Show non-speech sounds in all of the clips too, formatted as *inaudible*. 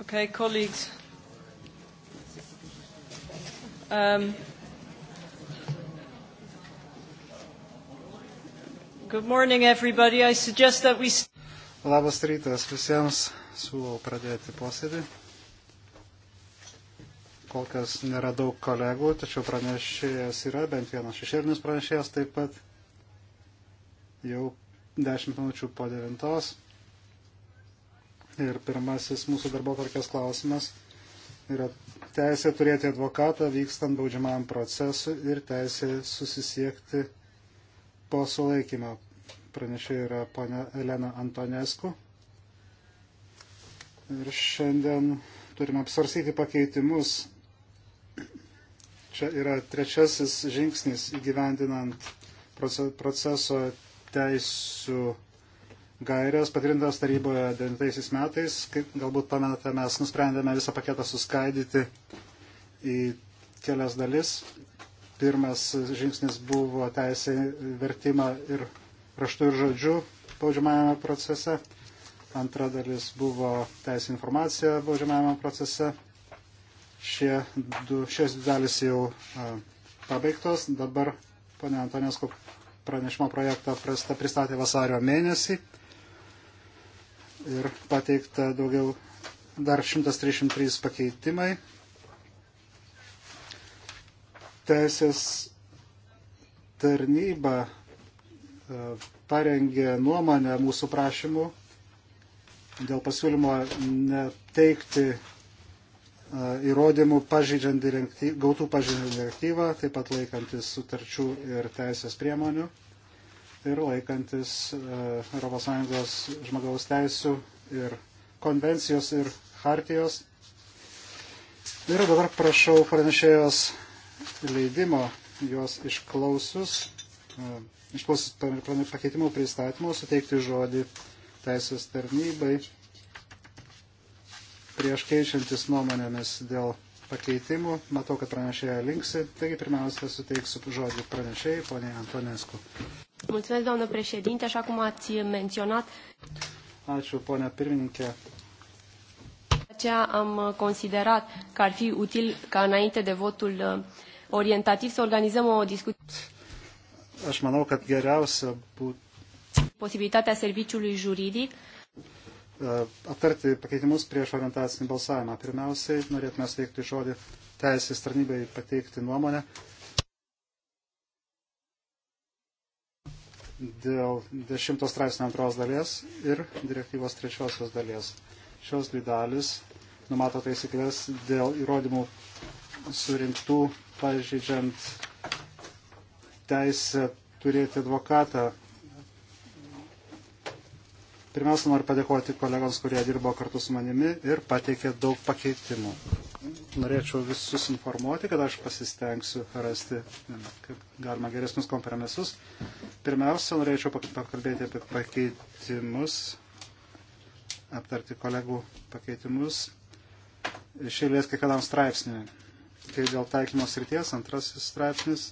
Okay, colleagues. Um, good morning, everybody. I suggest that we. Labas rytas visiems. Siūlau pradėti posėdį. Kol kas nėra daug kolegų, tačiau pranešėjas yra, bent vienas šešėlinis pranešėjas taip pat jau 10 minučių po devintos. Ir pirmasis mūsų darbo tarkės klausimas yra teisė turėti advokatą vykstant baudžiamam procesui ir teisė susisiekti po sulaikymo. Pranešė yra ponia Elena Antonesku. Ir šiandien turime apsvarsyti pakeitimus. Čia yra trečiasis žingsnis įgyvendinant proceso teisų gairias patvirtintas taryboje 9 metais. Kaip galbūt pamenate, mes nusprendėme visą paketą suskaidyti į kelias dalis. Pirmas žingsnis buvo teisė vertimą ir raštų ir žodžių baudžiamajame procese. Antra dalis buvo teisė informacija baudžiamajame procese. Šie du, šios dvi dalis jau a, pabaigtos. Dabar ponė Antonesko pranešimo projektą pristatė vasario mėnesį ir pateikta daugiau dar 133 pakeitimai. Teisės tarnyba e, parengė nuomonę mūsų prašymų dėl pasiūlymo neteikti e, įrodymų pažydžiant gautų pažydžiant direktyvą, taip pat laikantis sutarčių ir teisės priemonių ir laikantis ES žmogaus teisų ir konvencijos ir hartijos. Ir dabar prašau pranešėjos leidimo juos išklausus, e, išklausus pakeitimų pristatymų, suteikti žodį teisės tarnybai prieš keičiantis nuomonėmis dėl pakeitimų. Matau, kad pranešėja linksi. Taigi pirmiausia, suteiksiu žodį pranešėjai, poniai Antonesku. Mulțumesc, doamnă președinte, așa cum ați menționat. Ačiū, ponia pirmininkė. Aceea am considerat că ar fi util ca înainte de votul uh, orientativ să organizăm o discuție. Aš manau, kad geriausia būtų. Posibilitatea serviciului juridic. Uh, Aptarti pakeitimus prieš orientacinį balsavimą. Pirmiausiai norėtume suteikti žodį teisės tarnybai pateikti nuomonę dėl 10 straipsnio antros dalies ir direktyvos trečiosios dalies. Šios dvi dalis numato taisyklės dėl įrodymų surinktų pažydžiant teisę turėti advokatą. Pirmiausia, noriu padėkoti kolegoms, kurie dirbo kartu su manimi ir pateikė daug pakeitimų norėčiau visus informuoti, kad aš pasistengsiu rasti, kad galima geresnius kompromisus. Pirmiausia, norėčiau pakalbėti apie pakeitimus, aptarti kolegų pakeitimus iš eilės kiekvienam straipsniui. Kai dėl taikymo srities, antrasis straipsnis,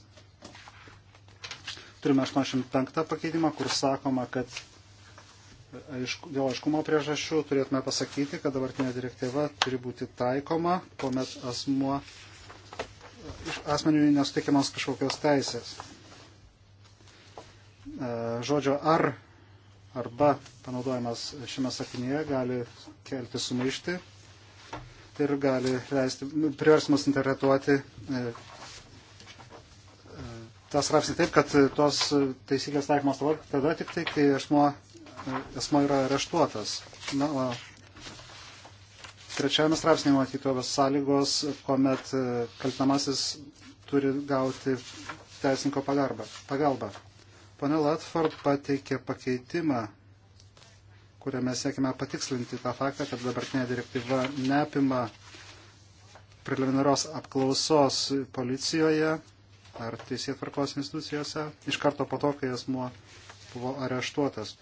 turime 85 pakeitimą, kur sakoma, kad aišku, dėl aiškumo priežasčių turėtume pasakyti, kad dabartinė direktyva turi būti taikoma, kuomet asmuo asmeniui nesuteikiamas kažkokios teisės. E, žodžio ar arba panaudojimas šiame sakinyje gali kelti sumaišti ir gali leisti, nu, priversimas interpretuoti e, e, tas rapsi taip, kad tos taisyklės taikymas tada tik tai, kai asmuo asmo yra areštuotas. Na, o trečiajame straipsnėje matytos sąlygos, kuomet e, kaltinamasis turi gauti teisininko pagalbą. pagalbą. Pane Latford pateikė pakeitimą, kuriame siekime patikslinti tą faktą, kad dabartinė direktyva neapima preliminarios apklausos policijoje ar teisėtvarkos institucijose iš karto po to, kai asmuo buvo areštuotas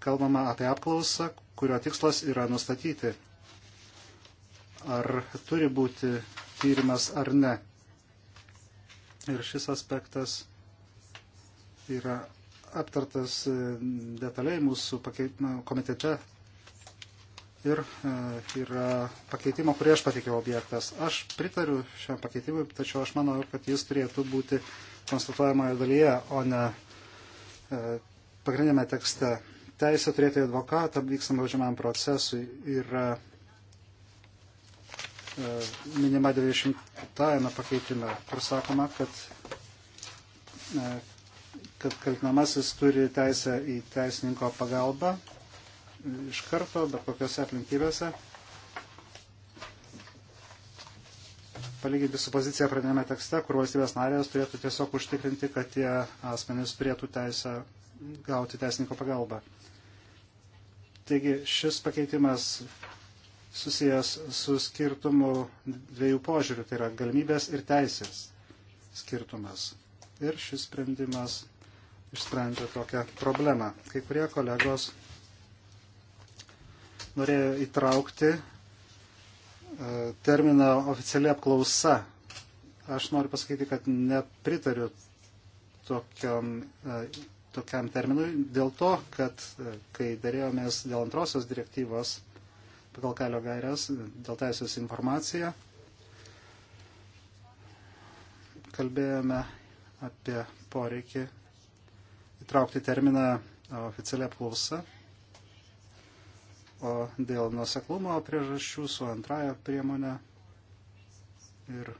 kalbama apie apklausą, kurio tikslas yra nustatyti, ar turi būti tyrimas ar ne. Ir šis aspektas yra aptartas e, detaliai mūsų komitete ir e, yra pakeitimo, kurį aš pateikiau objektas. Aš pritariu šiam pakeitimui, tačiau aš manau, kad jis turėtų būti konstatuojamoje dalyje, o ne e, pagrindinėme tekste teisė turėti advokatą vykstam baudžiamam procesui yra e, minima 90-ąjame pakeitime, kur sakoma, kad, e, kad kaltinamasis turi teisę į teisininko pagalbą iš karto, bet kokiuose aplinkybėse. Palyginti su pozicija pradėjame tekste, kur valstybės narės turėtų tiesiog užtikrinti, kad tie asmenys turėtų teisę gauti teisininko pagalbą. Taigi šis pakeitimas susijęs su skirtumu dviejų požiūrių, tai yra galimybės ir teisės skirtumas. Ir šis sprendimas išsprendžia tokią problemą. Kai kurie kolegos norėjo įtraukti e, terminą oficiali apklausa. Aš noriu pasakyti, kad nepritariu tokiam e, tokiam terminui dėl to, kad e, kai dėrėjomės dėl antrosios direktyvos pagal kelio gairias, dėl teisės informaciją, kalbėjome apie poreikį įtraukti terminą oficialią apklausą, o dėl nuseklumo priežasčių su antraja priemonė ir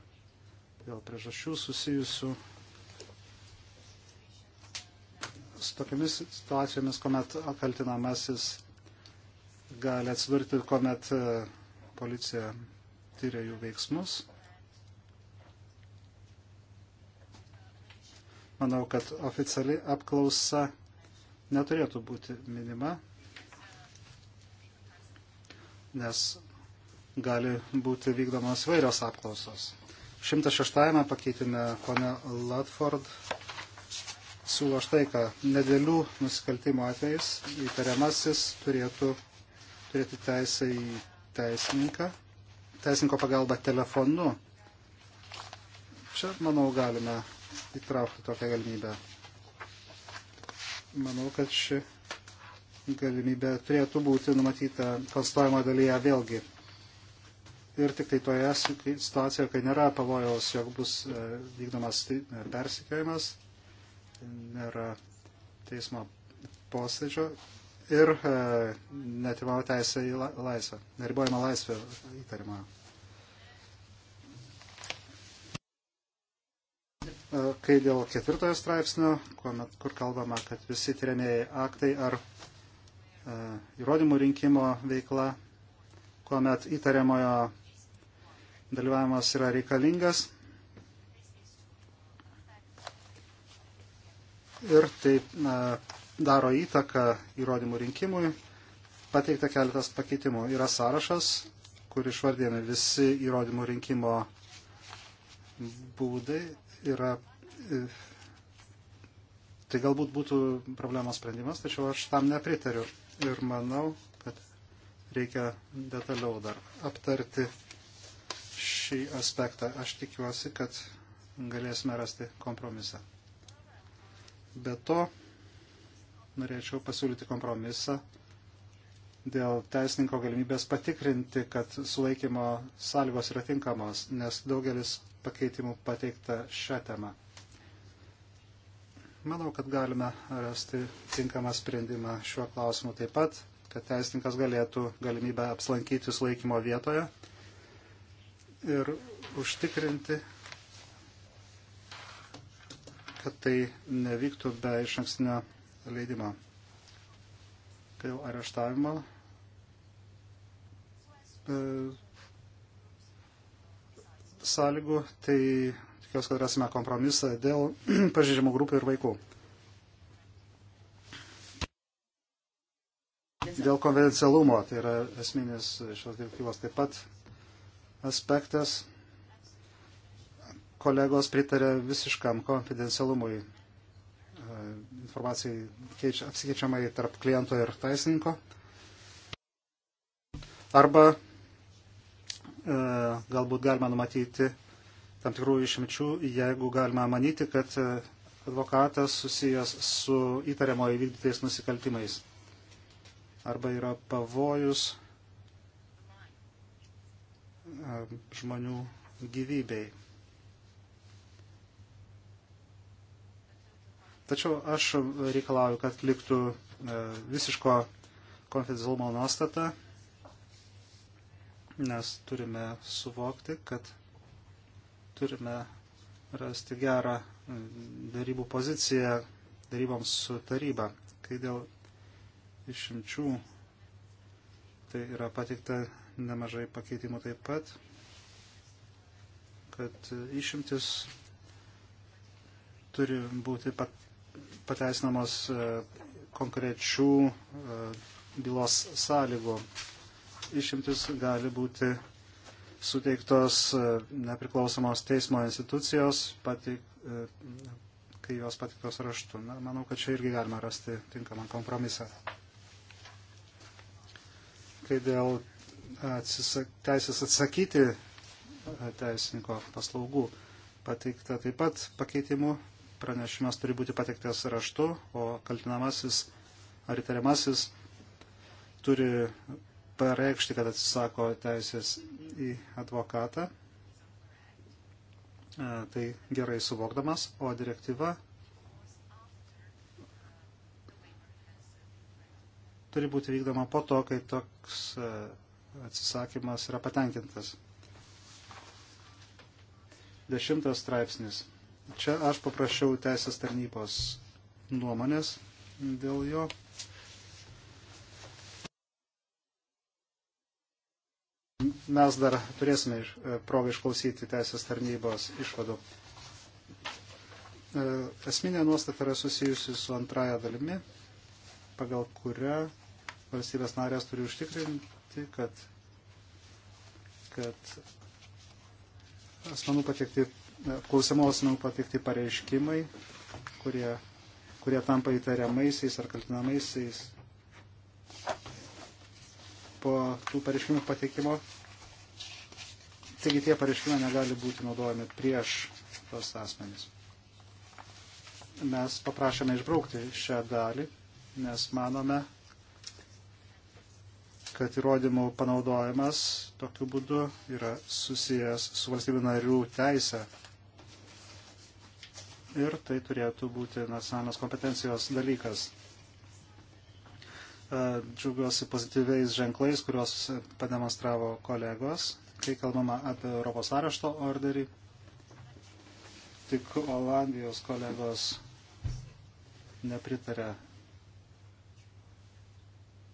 dėl priežasčių susijusių su tokiamis situacijomis, kuomet kaltinamasis gali atsidurti, kuomet e, policija tyria jų veiksmus. Manau, kad oficiali apklausa neturėtų būti minima, nes gali būti vykdomos vairios apklausos. 106 pakeitime pone Latford siūlo štai, kad nedėlių nusikaltimo atvejais įtariamasis turėtų turėti teisę į teisininką, teisininko pagalbą telefonu. Čia, manau, galime įtraukti tokią galimybę. Manau, kad ši galimybė turėtų būti numatyta konstruojimo dalyje vėlgi. Ir tik tai toje situacijoje, kai nėra pavojaus, jog bus e, vykdomas e, persikėjimas, nėra teismo posėdžio ir e, netimavo teisę į la, laisvę, neribojama laisvė įtariama. E, kai dėl ketvirtojo straipsnio, kuomet, kur kalbama, kad visi tyriamieji aktai ar e, įrodymų rinkimo veikla, kuomet įtariamojo dalyvavimas yra reikalingas, ir tai na, daro įtaką įrodymų rinkimui. Pateikta keletas pakeitimų. Yra sąrašas, kur išvardėme visi įrodymų rinkimo būdai. Yra, e, tai galbūt būtų problemos sprendimas, tačiau aš tam nepritariu. Ir manau, kad reikia detaliau dar aptarti šį aspektą. Aš tikiuosi, kad galėsime rasti kompromisą. Be to, norėčiau pasiūlyti kompromisą dėl teisininko galimybės patikrinti, kad sulaikymo sąlygos yra tinkamos, nes daugelis pakeitimų pateikta šią temą. Manau, kad galime rasti tinkamą sprendimą šiuo klausimu taip pat, kad teisininkas galėtų galimybę apsilankyti sulaikymo vietoje ir užtikrinti, kad tai nevyktų be iš ankstinio leidimo. Kai jau areštavimo e, sąlygų, tai tikiuosi, kad rasime kompromisą dėl *clears throat* pažeidžiamų grupių ir vaikų. Dėl konfidencialumo, tai yra esminis šios direktyvos taip pat aspektas kolegos pritarė visiškam konfidencialumui e, informacijai keič, apsikeičiamai tarp kliento ir teisininko. Arba e, galbūt galima numatyti tam tikrų išimčių, jeigu galima manyti, kad e, advokatas susijęs su įtariamo įvykdytais nusikaltimais. Arba yra pavojus e, žmonių gyvybei. Tačiau aš reikalauju, kad liktų e, visiško konfidencialumo nuostata, nes turime suvokti, kad turime rasti gerą darybų poziciją daryboms su taryba, kai dėl išimčių tai yra pateikta nemažai pakeitimų taip pat, kad išimtis turi būti pateisinamos e, konkrečių e, bylos sąlygų. Išimtis gali būti suteiktos e, nepriklausomos teismo institucijos, pati, kai jos patiktos raštu. Na, manau, kad čia irgi galima rasti tinkamą kompromisą. Kai dėl atsisak, teisės atsakyti teisininko paslaugų pateikta taip pat pakeitimu pranešimas turi būti pateiktas raštu, o kaltinamasis ar įtariamasis turi pareikšti, kad atsisako teisės į advokatą. E, tai gerai suvokdamas, o direktyva turi būti vykdoma po to, kai toks e, atsisakymas yra patenkintas. Dešimtas straipsnis. Čia aš paprašiau teisės tarnybos nuomonės dėl jo. Mes dar turėsime e, progą išklausyti teisės tarnybos išvadų. E, esminė nuostata yra susijusi su antraja dalimi, pagal kurią valstybės narės turi užtikrinti, kad, kad asmenų patekti klausimų asmenų pateikti pareiškimai, kurie, kurie tampa įtariamaisiais ar kaltinamaisiais po tų pareiškimų pateikimo. Taigi tie pareiškimai negali būti naudojami prieš tos asmenys. Mes paprašėme išbraukti šią dalį, nes manome, kad įrodymų panaudojimas tokiu būdu yra susijęs su valstybių narių teisė ir tai turėtų būti nacionalinės kompetencijos dalykas. Džiaugiuosi pozityviais ženklais, kuriuos pademonstravo kolegos, kai kalbama apie Europos arešto orderį. Tik Olandijos kolegos nepritarė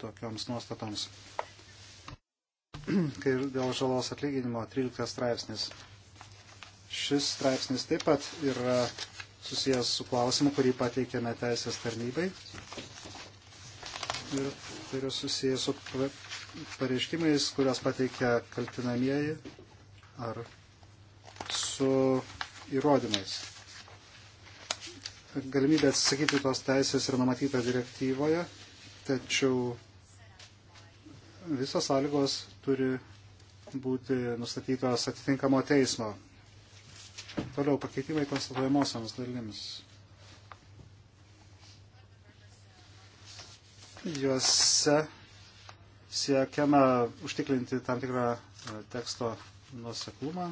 tokioms nuostatoms. *clears throat* Kai dėl žalos atlyginimo 13 straipsnis. Šis straipsnis taip pat yra susijęs su klausimu, kurį pateikėme teisės tarnybai. Ir tai yra susijęs su pareiškimais, kurias pateikia kaltinamieji ar su įrodymais. Galimybė atsisakyti tos teisės yra numatyta direktyvoje, tačiau visos sąlygos turi būti nustatytos atitinkamo teismo. Toliau pakeitimai konstatuojamosiams dalims. Juose siekiama užtikrinti tam tikrą e, teksto nuoseklumą.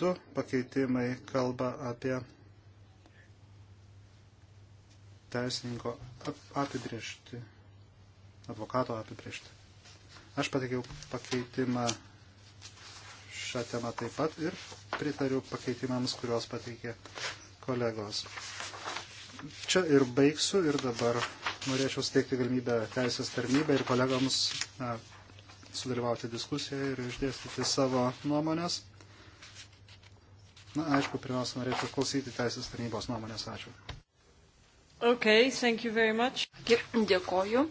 Du pakeitimai kalba apie teisininko apibriežti, advokato apibriežti. Aš pateikiau pakeitimą šią temą taip pat ir pritariu pakeitimams, kuriuos pateikė kolegos. Čia ir baigsiu ir dabar norėčiau steigti galimybę teisės tarnybę ir kolegams na, sudalyvauti diskusijoje ir išdėstyti savo nuomonės. Na, aišku, pirmiausia, norėčiau klausyti teisės tarnybos nuomonės. Ačiū. Okay, thank you very much. Dėkoju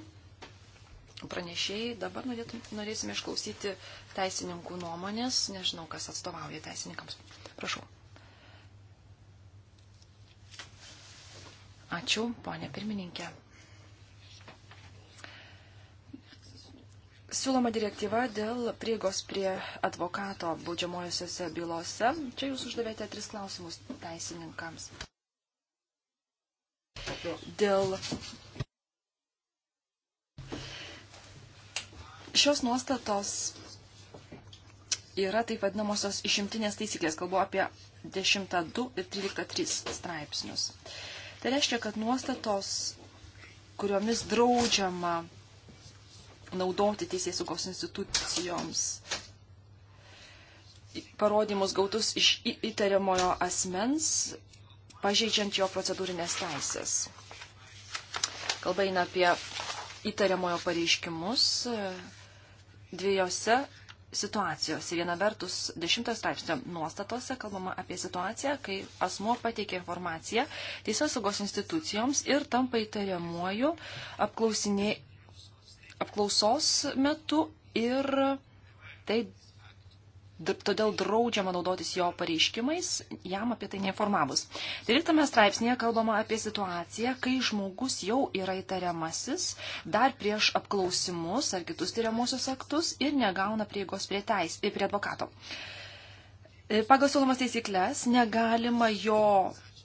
pranešėjai. Dabar norėsime išklausyti teisininkų nuomonės. Nežinau, kas atstovauja teisininkams. Prašau. Ačiū, ponė pirmininkė. Siūloma direktyva dėl prieigos prie advokato baudžiamojosiose bylose. Čia jūs uždavėte tris klausimus teisininkams. Dėl Šios nuostatos yra taip vadinamosios išimtinės taisyklės, kalbu apie 10.2 ir 13.3 straipsnius. Tai reiškia, kad nuostatos, kuriomis draudžiama naudoti teisės saugos institucijoms parodymus gautus iš įtariamojo asmens, pažeidžiant jo procedūrinės teisės. Kalba eina apie įtariamojo pareiškimus, dviejose situacijose. Viena vertus, dešimtojo straipsnio nuostatose kalbama apie situaciją, kai asmo pateikia informaciją teisės saugos institucijoms ir tampa įtariamuoju apklausinė... apklausos metu ir tai todėl draudžiama naudotis jo pareiškimais, jam apie tai neinformavus. 13 straipsnėje kalbama apie situaciją, kai žmogus jau yra įtariamasis dar prieš apklausimus ar kitus tyriamosius aktus ir negauna prieigos prie, teis, prie advokato. E, pagal siūlomas teisiklės negalima jo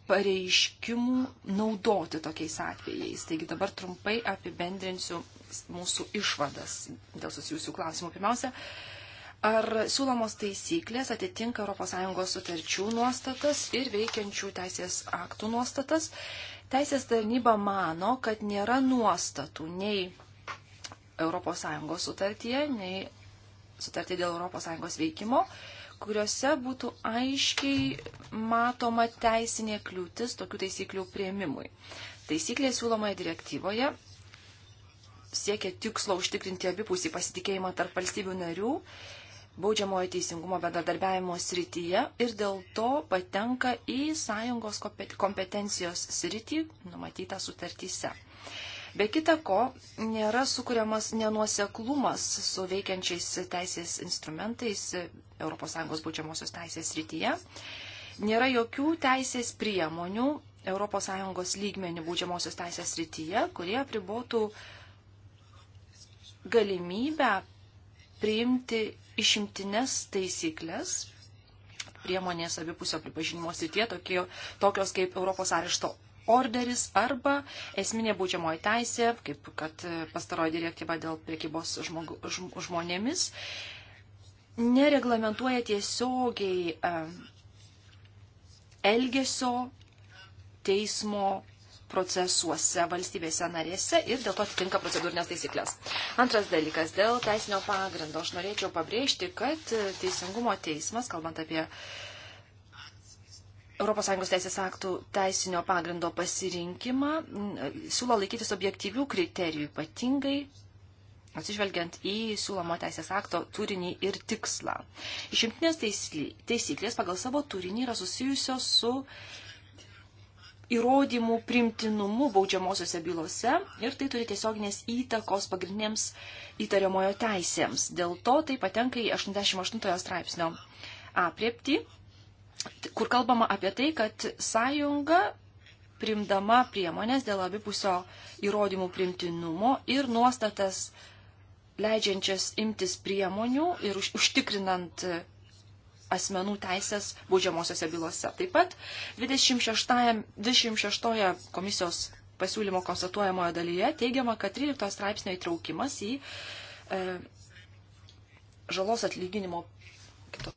pareiškimų naudoti tokiais atvejais. Taigi dabar trumpai apibendrinsiu mūsų išvadas dėl susijusių klausimų. Pirmiausia, ar siūlomos taisyklės atitinka ES sutarčių nuostatas ir veikiančių teisės aktų nuostatas. Teisės tarnyba mano, kad nėra nuostatų nei ES sutartyje, nei sutartį dėl ES veikimo, kuriuose būtų aiškiai matoma teisinė kliūtis tokių taisyklių prieimimui. Taisyklė siūlomoje direktyvoje siekia tikslo užtikrinti abipusį pasitikėjimą tarp valstybių narių baudžiamojo teisingumo bendradarbiavimo srityje ir dėl to patenka į sąjungos kompetencijos sritį numatytą sutartyse. Be kita ko, nėra sukūriamas nenuoseklumas su veikiančiais teisės instrumentais ES baudžiamosios teisės srityje. Nėra jokių teisės priemonių ES lygmenių baudžiamosios teisės srityje, kurie apribotų galimybę priimti išimtines taisyklės priemonės abipusio pripažinimo srityje, tokios kaip Europos arešto orderis arba esminė baudžiamoji teisė, kaip kad pastaroji direktyva dėl priekybos žmogu, žm, žmonėmis, nereglamentuoja tiesiogiai elgesio teismo procesuose valstybėse narėse ir dėl to atitinka procedūrinės taisyklės. Antras dalykas, dėl teisinio pagrindo aš norėčiau pabrėžti, kad Teisingumo teismas, kalbant apie ES teisės aktų teisinio pagrindo pasirinkimą, siūlo laikytis objektyvių kriterijų, ypatingai atsižvelgiant į siūlomo teisės akto turinį ir tikslą. Išimtinės taisyklės pagal savo turinį yra susijusios su įrodymų primtinumu baudžiamosiose bylose ir tai turi tiesioginės įtakos pagrindinėms įtariamojo teisėms. Dėl to tai patenka į 88 straipsnio apriepti, kur kalbama apie tai, kad sąjunga primdama priemonės dėl abipusio įrodymų primtinumo ir nuostatas leidžiančias imtis priemonių ir užtikrinant asmenų teisės baudžiamosiose bylose. Taip pat 26, 26 komisijos pasiūlymo konstatuojamoje dalyje teigiama, kad 13 straipsnio įtraukimas į e, žalos atlyginimo, kito,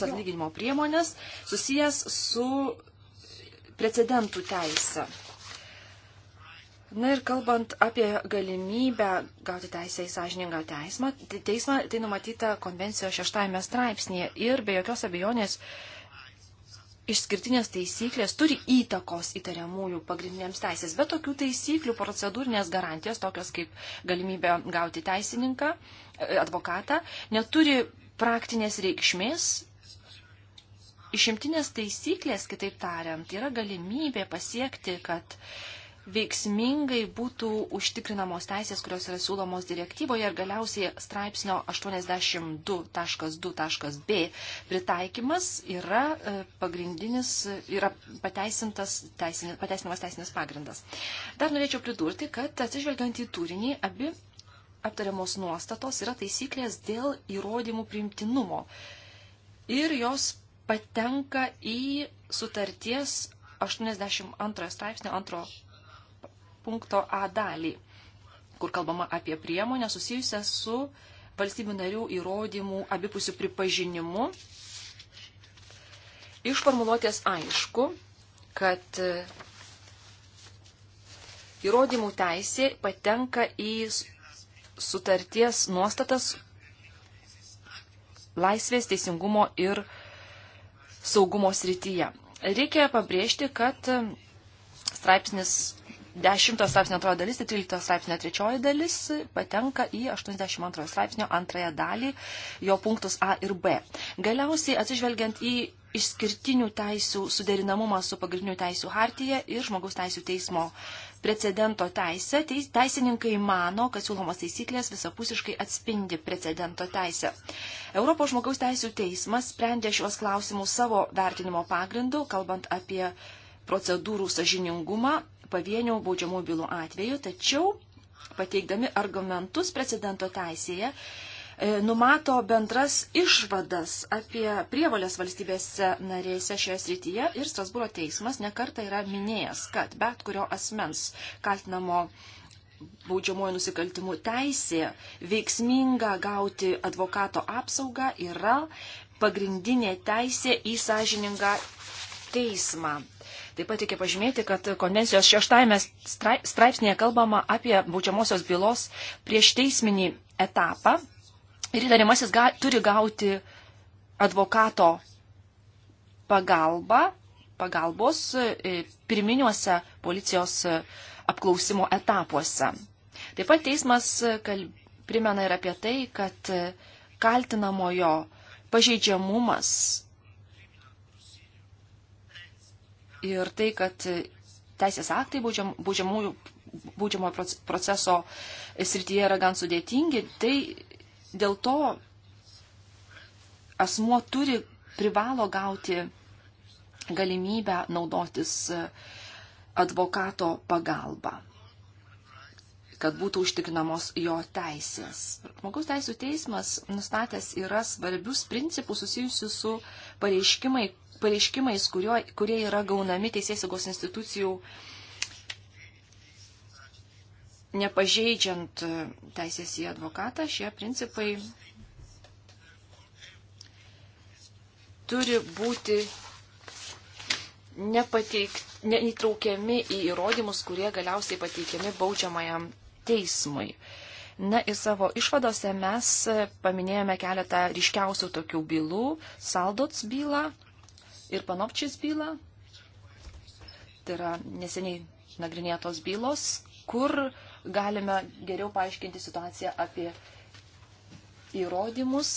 atlyginimo priemonės susijęs su precedentų teisė. Na ir kalbant apie galimybę gauti teisę į sąžiningą teismą, teismą tai numatyta konvencijos šeštajame straipsnėje ir be jokios abejonės išskirtinės taisyklės turi įtakos įtariamųjų pagrindiniams teisės, bet tokių taisyklių procedūrinės garantijos, tokios kaip galimybė gauti teisininką, e, advokatą, neturi praktinės reikšmės. Išimtinės taisyklės, kitaip tariant, yra galimybė pasiekti, kad uh, veiksmingai būtų užtikrinamos teisės, kurios yra siūlomos direktyvoje ir galiausiai straipsnio 82.2.b pritaikymas yra e, pagrindinis, yra pateisintas teisinė, pateisinamas teisinis pagrindas. Dar norėčiau pridurti, kad atsižvelgiant į turinį, abi aptariamos nuostatos yra taisyklės dėl įrodymų primtinumo ir jos patenka į sutarties 82 straipsnio antro punkto A dalį, kur kalbama apie priemonę susijusią su valstybių narių įrodymų abipusių pripažinimu. Iš formuluotės aišku, kad e, įrodymų teisė patenka į sutarties nuostatas laisvės, teisingumo ir saugumo srityje. Reikia pabrėžti, kad e, straipsnis 10 straipsnio antroji dalis ir 13 straipsnio trečioji dalis patenka į 82 straipsnio antrąją dalį, jo punktus A ir B. Galiausiai atsižvelgiant į išskirtinių teisių suderinamumą su pagrindinių teisių hartyje ir žmogaus teisų teismo precedento teisę, teis, teisininkai mano, kad siūlomos taisyklės visapusiškai atspindi precedento teisę. Europos žmogaus teisų teismas sprendė šiuos klausimus savo vertinimo pagrindu, kalbant apie procedūrų sažiningumą pavienių baudžiamų bylų atveju, tačiau pateikdami argumentus precedento teisėje, e, numato bendras išvadas apie prievalės valstybėse narėse šioje srityje ir Strasbūro teismas nekarta yra minėjęs, kad bet kurio asmens kaltinamo baudžiamojo nusikaltimų teisė veiksminga gauti advokato apsaugą yra pagrindinė teisė į sąžiningą teismą. Taip pat reikia pažymėti, kad konvencijos šeštajame straipsnėje kalbama apie baudžiamosios bylos prieš teisminį etapą ir įtariamasis ga, turi gauti advokato pagalbą, pagalbos e, pirminiuose policijos e, apklausimo etapuose. Taip pat teismas e, kalb... primena ir apie tai, kad kaltinamojo pažeidžiamumas ir tai, kad teisės aktai baudžiam, baudžiamųjų, baudžiamo proceso srityje yra gan sudėtingi, tai dėl to asmuo turi, privalo gauti galimybę naudotis e, advokato pagalba kad būtų užtikrinamos jo teisės. Žmogaus teisų teismas nustatęs yra svarbius principus susijusius su pareiškimai, pareiškimais, kurio, kurie yra gaunami teisėsaugos institucijų nepažeidžiant teisės į advokatą, šie principai turi būti nepateik, ne, įtraukiami į įrodymus, kurie galiausiai pateikiami baudžiamajam teismui. Na ir savo išvadose mes paminėjome keletą ryškiausių tokių bylų - Saldots bylą, ir Panovčis bylą. Tai yra neseniai nagrinėtos bylos, kur galime geriau paaiškinti situaciją apie įrodymus,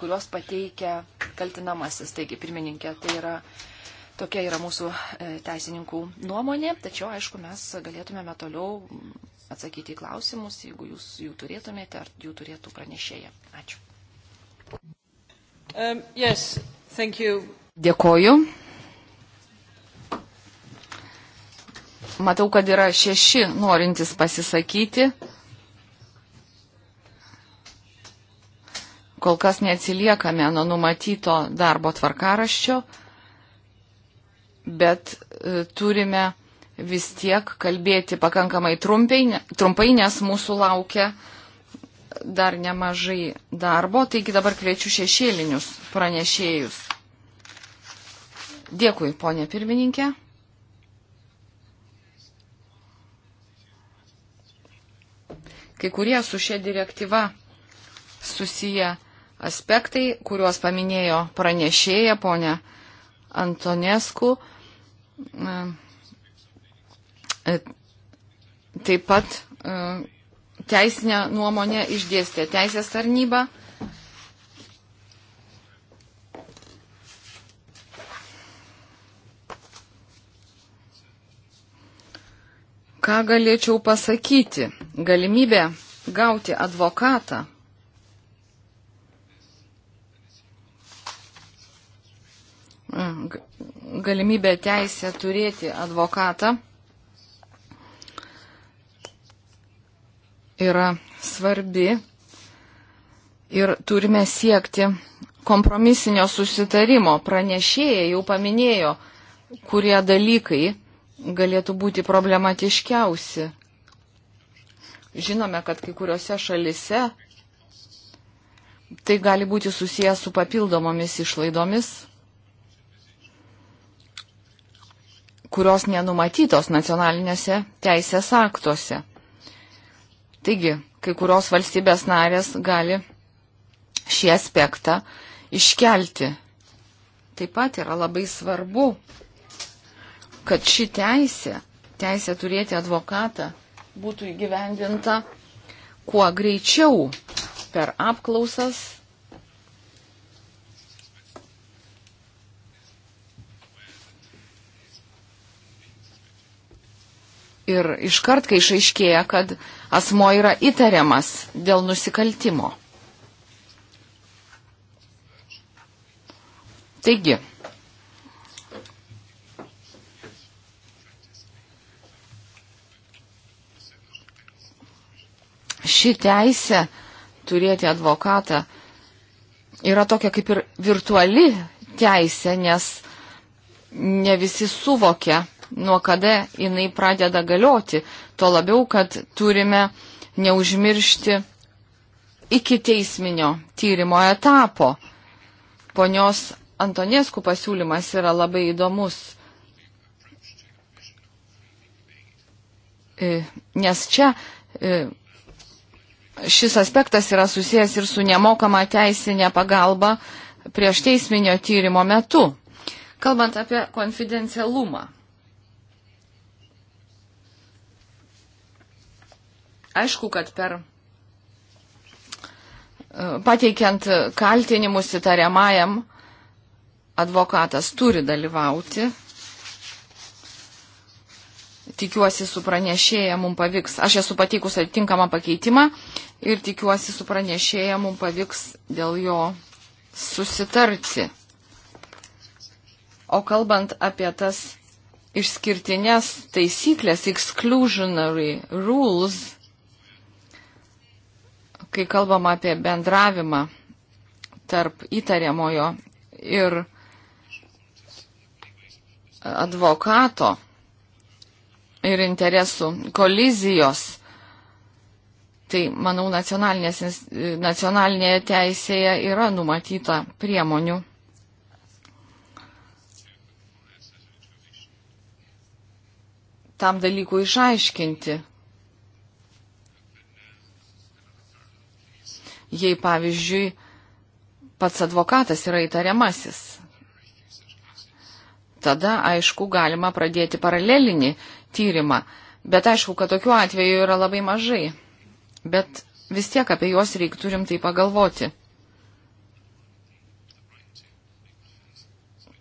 kuriuos pateikia kaltinamasis. Taigi, pirmininkė, tai yra tokia yra mūsų e, teisininkų nuomonė, tačiau, aišku, mes galėtumėme toliau atsakyti į klausimus, jeigu jūs jų turėtumėte ar jų turėtų pranešėja. Ačiū. Um, yes. Dėkoju. Matau, kad yra šeši norintys pasisakyti. Kol kas neatsiliekame nuo numatyto darbo tvarkaraščio, bet e, turime vis tiek kalbėti pakankamai trumpai, trumpai nes mūsų laukia uh, dar nemažai darbo, taigi dabar kviečiu šešėlinius pranešėjus. Dėkui, ponė pirmininkė. Kai kurie su šia direktyva susiję aspektai, kuriuos paminėjo pranešėja ponė Antonesku, e, e, taip pat e, teisinę nuomonę išdėstė teisės tarnyba. Ką galėčiau pasakyti? Galimybė gauti advokatą mm, galimybė teisė turėti advokatą yra svarbi ir turime siekti kompromisinio susitarimo. Pranešėjai jau paminėjo, kurie dalykai galėtų būti problematiškiausi. Žinome, kad kai kuriuose šalise tai gali būti susijęs su papildomomis išlaidomis, kurios nenumatytos nacionalinėse teisės aktuose. Taigi, kai kurios valstybės narės gali šį aspektą iškelti. Taip pat yra labai svarbu, kad ši teisė, teisė turėti advokatą, būtų įgyvendinta kuo greičiau per apklausas ir iškart, kai išaiškėja, kad asmo yra įtariamas dėl nusikaltimo. Taigi, ši teisė turėti advokatą yra tokia kaip ir virtuali teisė, nes ne visi suvokia, nuo kada jinai pradeda galioti. Tuo labiau, kad turime neužmiršti iki teisminio tyrimo etapo. Ponios Antonieskų pasiūlymas yra labai įdomus, e, nes čia e, šis aspektas yra susijęs ir su nemokama teisinė pagalba prieš teisminio tyrimo metu. Kalbant apie konfidencialumą. Aišku, kad per e, pateikiant kaltinimus įtariamajam, advokatas turi dalyvauti. Tikiuosi su pranešėja mums pavyks. Aš esu pateikus atitinkamą pakeitimą ir tikiuosi su pranešėja mums pavyks dėl jo susitarti. O kalbant apie tas išskirtinės taisyklės, exclusionary rules, kai kalbam apie bendravimą tarp įtariamojo ir advokato ir interesų kolizijos, tai manau nacionalinėje teisėje yra numatyta priemonių. Tam dalykui išaiškinti. jei, pavyzdžiui, pats advokatas yra įtariamasis. Tada, aišku, galima pradėti paralelinį tyrimą, bet aišku, kad tokių atvejų yra labai mažai. Bet vis tiek apie juos reiktų rimtai pagalvoti.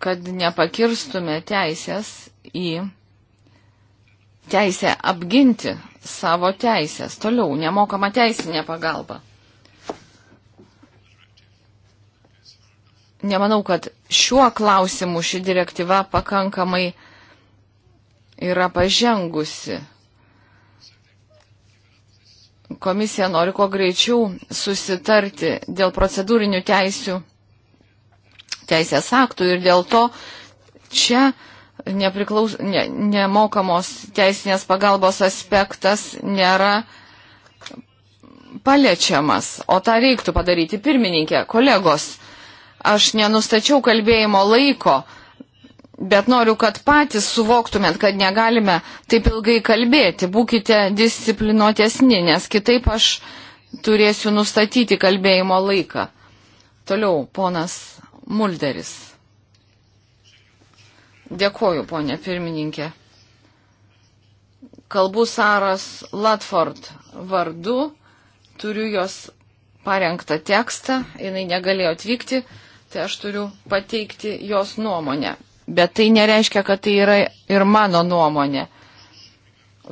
Kad nepakirstume teisės į teisę apginti savo teisės. Toliau, nemokama teisinė pagalba. nemanau, kad šiuo klausimu ši direktyva pakankamai yra pažengusi. Komisija nori kuo greičiau susitarti dėl procedūrinių teisių, teisės aktų ir dėl to čia nepriklaus, ne, nemokamos teisinės pagalbos aspektas nėra paliečiamas, o tą reiktų padaryti pirmininkė, kolegos Aš nenustačiau kalbėjimo laiko, bet noriu, kad patys suvoktumėt, kad negalime taip ilgai kalbėti. Būkite disciplinuotesni, nes kitaip aš turėsiu nustatyti kalbėjimo laiką. Toliau, ponas Mulderis. Dėkoju, ponė pirmininkė. Kalbu Saros Latford vardu, turiu jos parengtą tekstą, jinai negalėjo atvykti, tai aš turiu pateikti jos nuomonę. Bet tai nereiškia, kad tai yra ir mano nuomonė.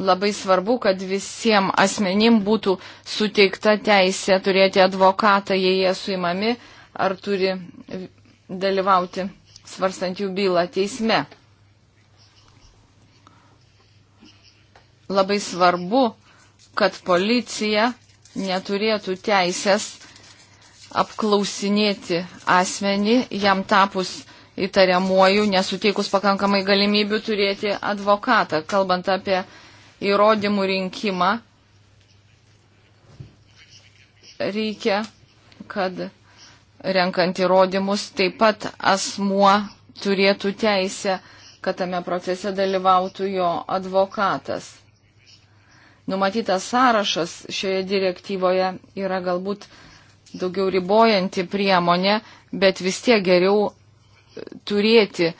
Labai svarbu, kad visiems asmenim būtų suteikta teisė turėti advokatą, jei jie suimami ar turi dalyvauti svarstant jų bylą teisme. Labai svarbu, kad policija neturėtų teisės apklausinėti asmenį, jam tapus įtariamuoju, nesuteikus pakankamai galimybių turėti advokatą, kalbant apie įrodymų rinkimą. Reikia, kad renkant įrodymus taip pat asmuo turėtų teisę, kad tame procese dalyvautų jo advokatas. Numatytas sąrašas šioje direktyvoje yra galbūt daugiau ribojanti priemonė, bet vis tiek geriau turėti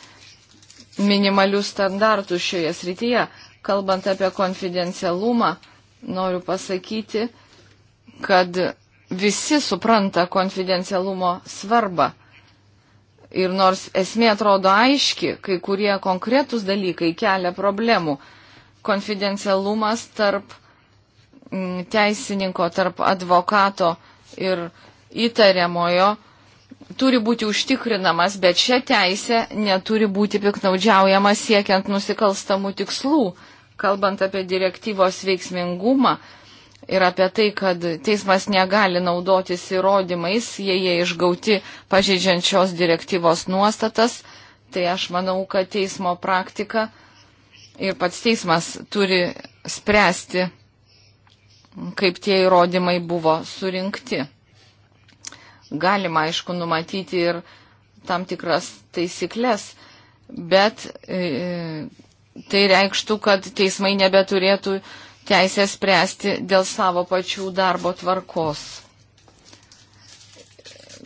minimalius standartus šioje srityje. Kalbant apie konfidencialumą, noriu pasakyti, kad visi supranta konfidencialumo svarbą. Ir nors esmė atrodo aiški, kai kurie konkretūs dalykai kelia problemų. Konfidencialumas tarp mm, teisininko, tarp advokato, ir įtariamojo turi būti užtikrinamas, bet šią teisę neturi būti piknaudžiaujama siekiant nusikalstamų tikslų. Kalbant apie direktyvos veiksmingumą ir apie tai, kad teismas negali naudotis įrodymais, jei jie išgauti pažeidžiant šios direktyvos nuostatas, tai aš manau, kad teismo praktika ir pats teismas turi spręsti kaip tie įrodymai buvo surinkti. Galima, aišku, numatyti ir tam tikras taisyklės, bet e, e tai reikštų, kad teismai nebeturėtų teisės spręsti dėl savo pačių darbo tvarkos.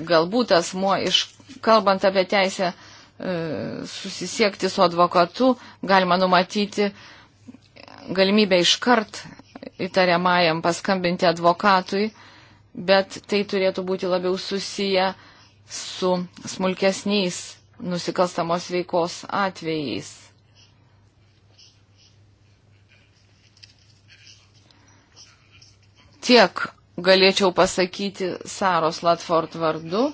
Galbūt asmo, iš, kalbant apie teisę e, susisiekti su advokatu, galima numatyti galimybę iškart įtariamajam paskambinti advokatui, bet tai turėtų būti labiau susiję su smulkesniais nusikalstamos veikos atvejais. Tiek galėčiau pasakyti Saros Latford vardu,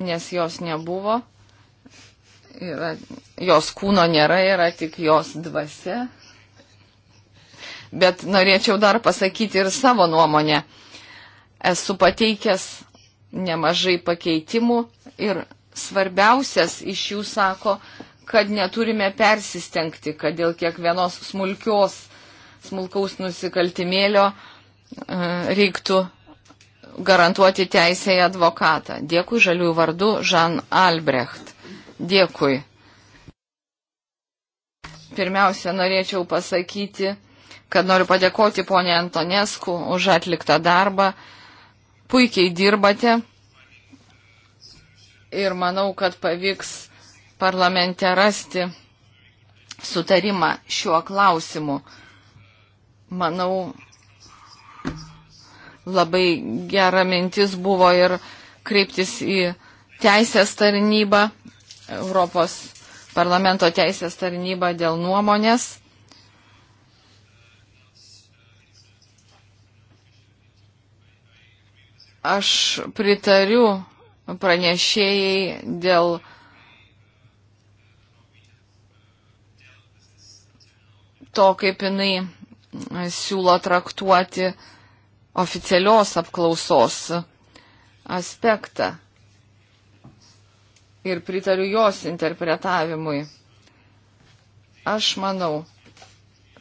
nes jos nebuvo, yra, jos kūno nėra, yra tik jos dvasia bet norėčiau dar pasakyti ir savo nuomonę. Esu pateikęs nemažai pakeitimų ir svarbiausias iš jų sako, kad neturime persistengti, kad dėl kiekvienos smulkios, smulkaus nusikaltimėlio e, reiktų garantuoti teisę į advokatą. Dėkui žaliųjų vardu Žan Albrecht. Dėkui. Pirmiausia, norėčiau pasakyti, kad noriu padėkoti ponė Antonesku už atliktą darbą. Puikiai dirbate ir manau, kad pavyks parlamente rasti sutarimą šiuo klausimu. Manau, labai gera mintis buvo ir kreiptis į teisės tarnybą, Europos parlamento teisės tarnybą dėl nuomonės. Aš pritariu pranešėjai dėl to, kaip jinai siūlo traktuoti oficialios apklausos aspektą. Ir pritariu jos interpretavimui. Aš manau,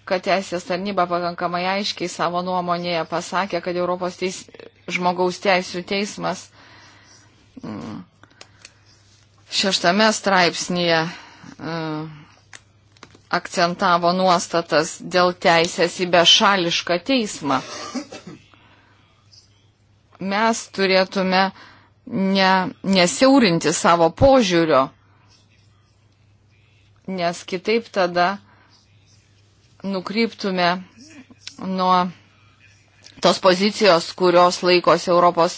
kad teisės tarnyba pakankamai aiškiai savo nuomonėje pasakė, kad Europos teis, žmogaus teisų teismas mm, šeštame straipsnėje mm, akcentavo nuostatas dėl teisės į bešališką teismą. Mes turėtume ne, nesiaurinti savo požiūrio, nes kitaip tada nukryptume nuo tos pozicijos, kurios laikosi Europos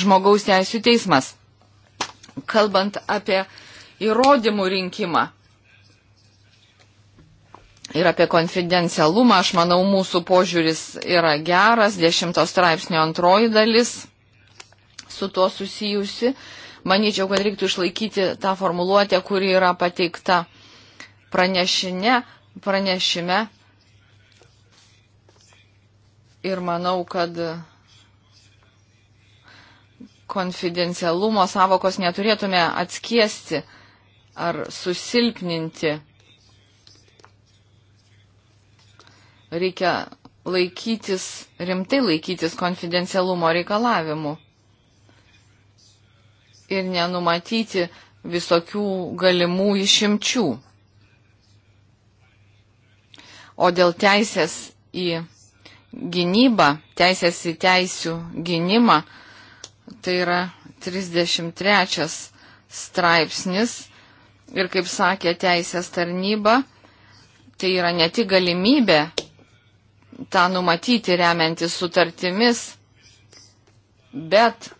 žmogaus teisų teismas. Kalbant apie įrodymų rinkimą ir apie konfidencialumą, aš manau, mūsų požiūris yra geras, dešimtos straipsnio antroji dalis su tuo susijusi. Manyčiau, kad reiktų išlaikyti tą formuluotę, kuri yra pateikta pranešinė, pranešime Ir manau, kad konfidencialumo savokos neturėtume atskiesti ar susilpninti. Reikia laikytis, rimtai laikytis konfidencialumo reikalavimų ir nenumatyti visokių galimų išimčių. O dėl teisės į gynybą, teisės į teisių gynimą, tai yra 33 straipsnis ir, kaip sakė teisės tarnyba, tai yra ne tik galimybė tą numatyti remiantis sutartimis, bet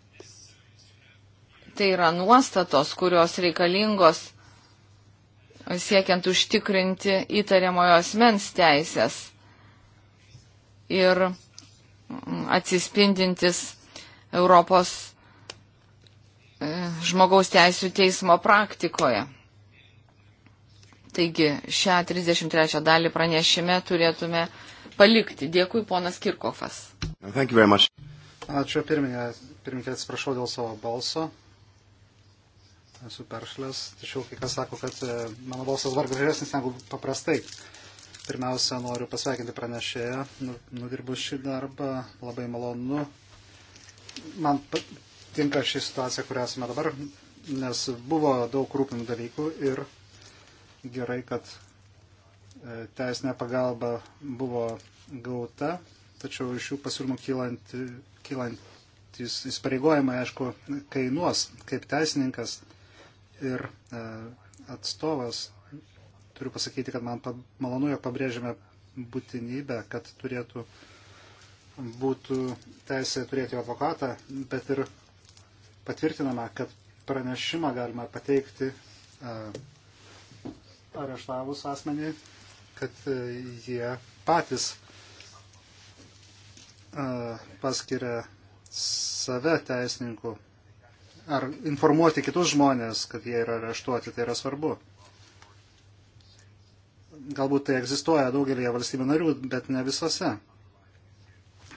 tai yra nuostatos, kurios reikalingos siekiant užtikrinti įtariamojo asmens teisės ir atsispindintis Europos e, žmogaus teisų teismo praktikoje. Taigi šią 33 dalį pranešime turėtume palikti. Dėkui, ponas Kirkofas. Ačiū pirmininkė, atsiprašau dėl savo balso. Esu peršlės, tačiau kai kas sako, kad e, mano balsas dar gražesnis negu paprastai. Pirmiausia, noriu pasveikinti pranešėją, nu, nudirbu šį darbą, labai malonu. Man tinka ši situacija, kurią esame dabar, nes buvo daug rūpinų dalykų ir gerai, kad e, teisinė pagalba buvo gauta, tačiau iš jų pasiūlymų kylantys įsipareigojimai, aišku, kainuos kaip teisininkas ir e, atstovas turiu pasakyti, kad man malonu, jog pabrėžiame būtinybę, kad turėtų būtų teisė turėti advokatą, bet ir patvirtinama, kad pranešimą galima pateikti areštavus asmenį, kad e, jie patys paskiria save teisininku ar informuoti kitus žmonės, kad jie yra areštuoti, tai yra svarbu galbūt tai egzistuoja daugelėje valstybių narių, bet ne visose.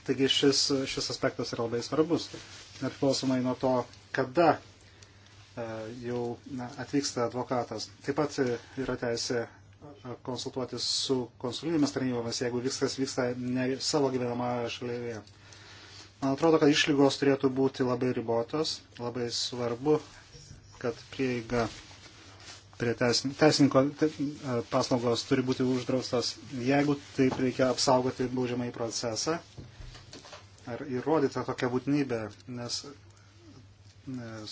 Taigi šis, šis aspektas yra labai svarbus, nepriklausomai nuo to, kada e, jau atvyksta advokatas. Taip pat yra teisė e, konsultuotis su konsulinėmis tarnybomis, jeigu viskas vyksta ne savo gyvenamoje šalyje. Man atrodo, kad išlygos turėtų būti labai ribotos, labai svarbu, kad prieiga prie teisininko e, paslaugos turi būti uždraustos, jeigu taip reikia apsaugoti baudžiamąjį procesą ar įrodyta tokia būtinybė, nes e,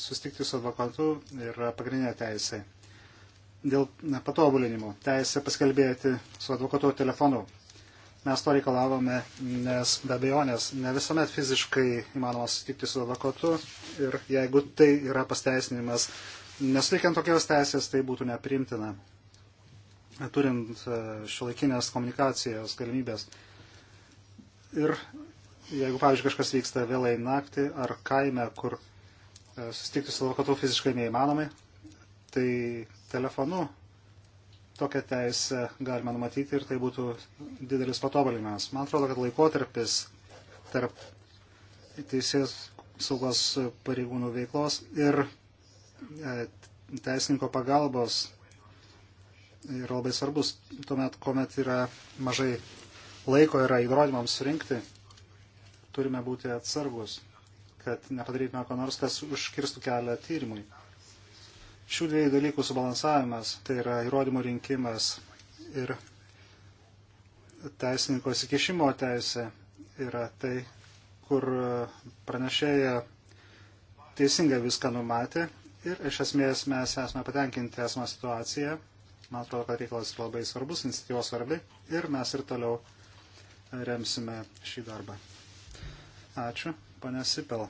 sustikti su advokatu yra pagrindinė teisė. Dėl patobulinimo teisė paskalbėti su advokatu telefonu. Mes to reikalavome, nes be abejonės ne visuomet fiziškai įmanoma susitikti su advokatu ir jeigu tai yra pasteisinimas Nesuteikiant tokios teisės, tai būtų neprimtina, turint e, šiuolaikinės komunikacijos galimybės. Ir jeigu, pavyzdžiui, kažkas vyksta vėlai naktį ar kaime, kur e, susitikti su advokatu fiziškai neįmanomai, tai telefonu tokią teisę galima numatyti ir tai būtų didelis patobulinimas. Man atrodo, kad laikotarpis tarp teisės saugos pareigūnų veiklos ir E, teisininko pagalbos yra labai svarbus, tuomet, kuomet yra mažai laiko yra įrodymams surinkti, turime būti atsargus, kad nepadarytume ko nors, kas užkirstų kelią tyrimui. Šių dviejų dalykų subalansavimas, tai yra įrodymų rinkimas ir teisininko įsikišimo teisė, yra tai, kur pranešėja teisingai viską numatė Ir iš esmės mes esame patenkinti esamą situaciją. Man atrodo, kad reikalas labai svarbus, iniciatyvos svarbi ir mes ir toliau remsime šį darbą. Ačiū, pane Sipel.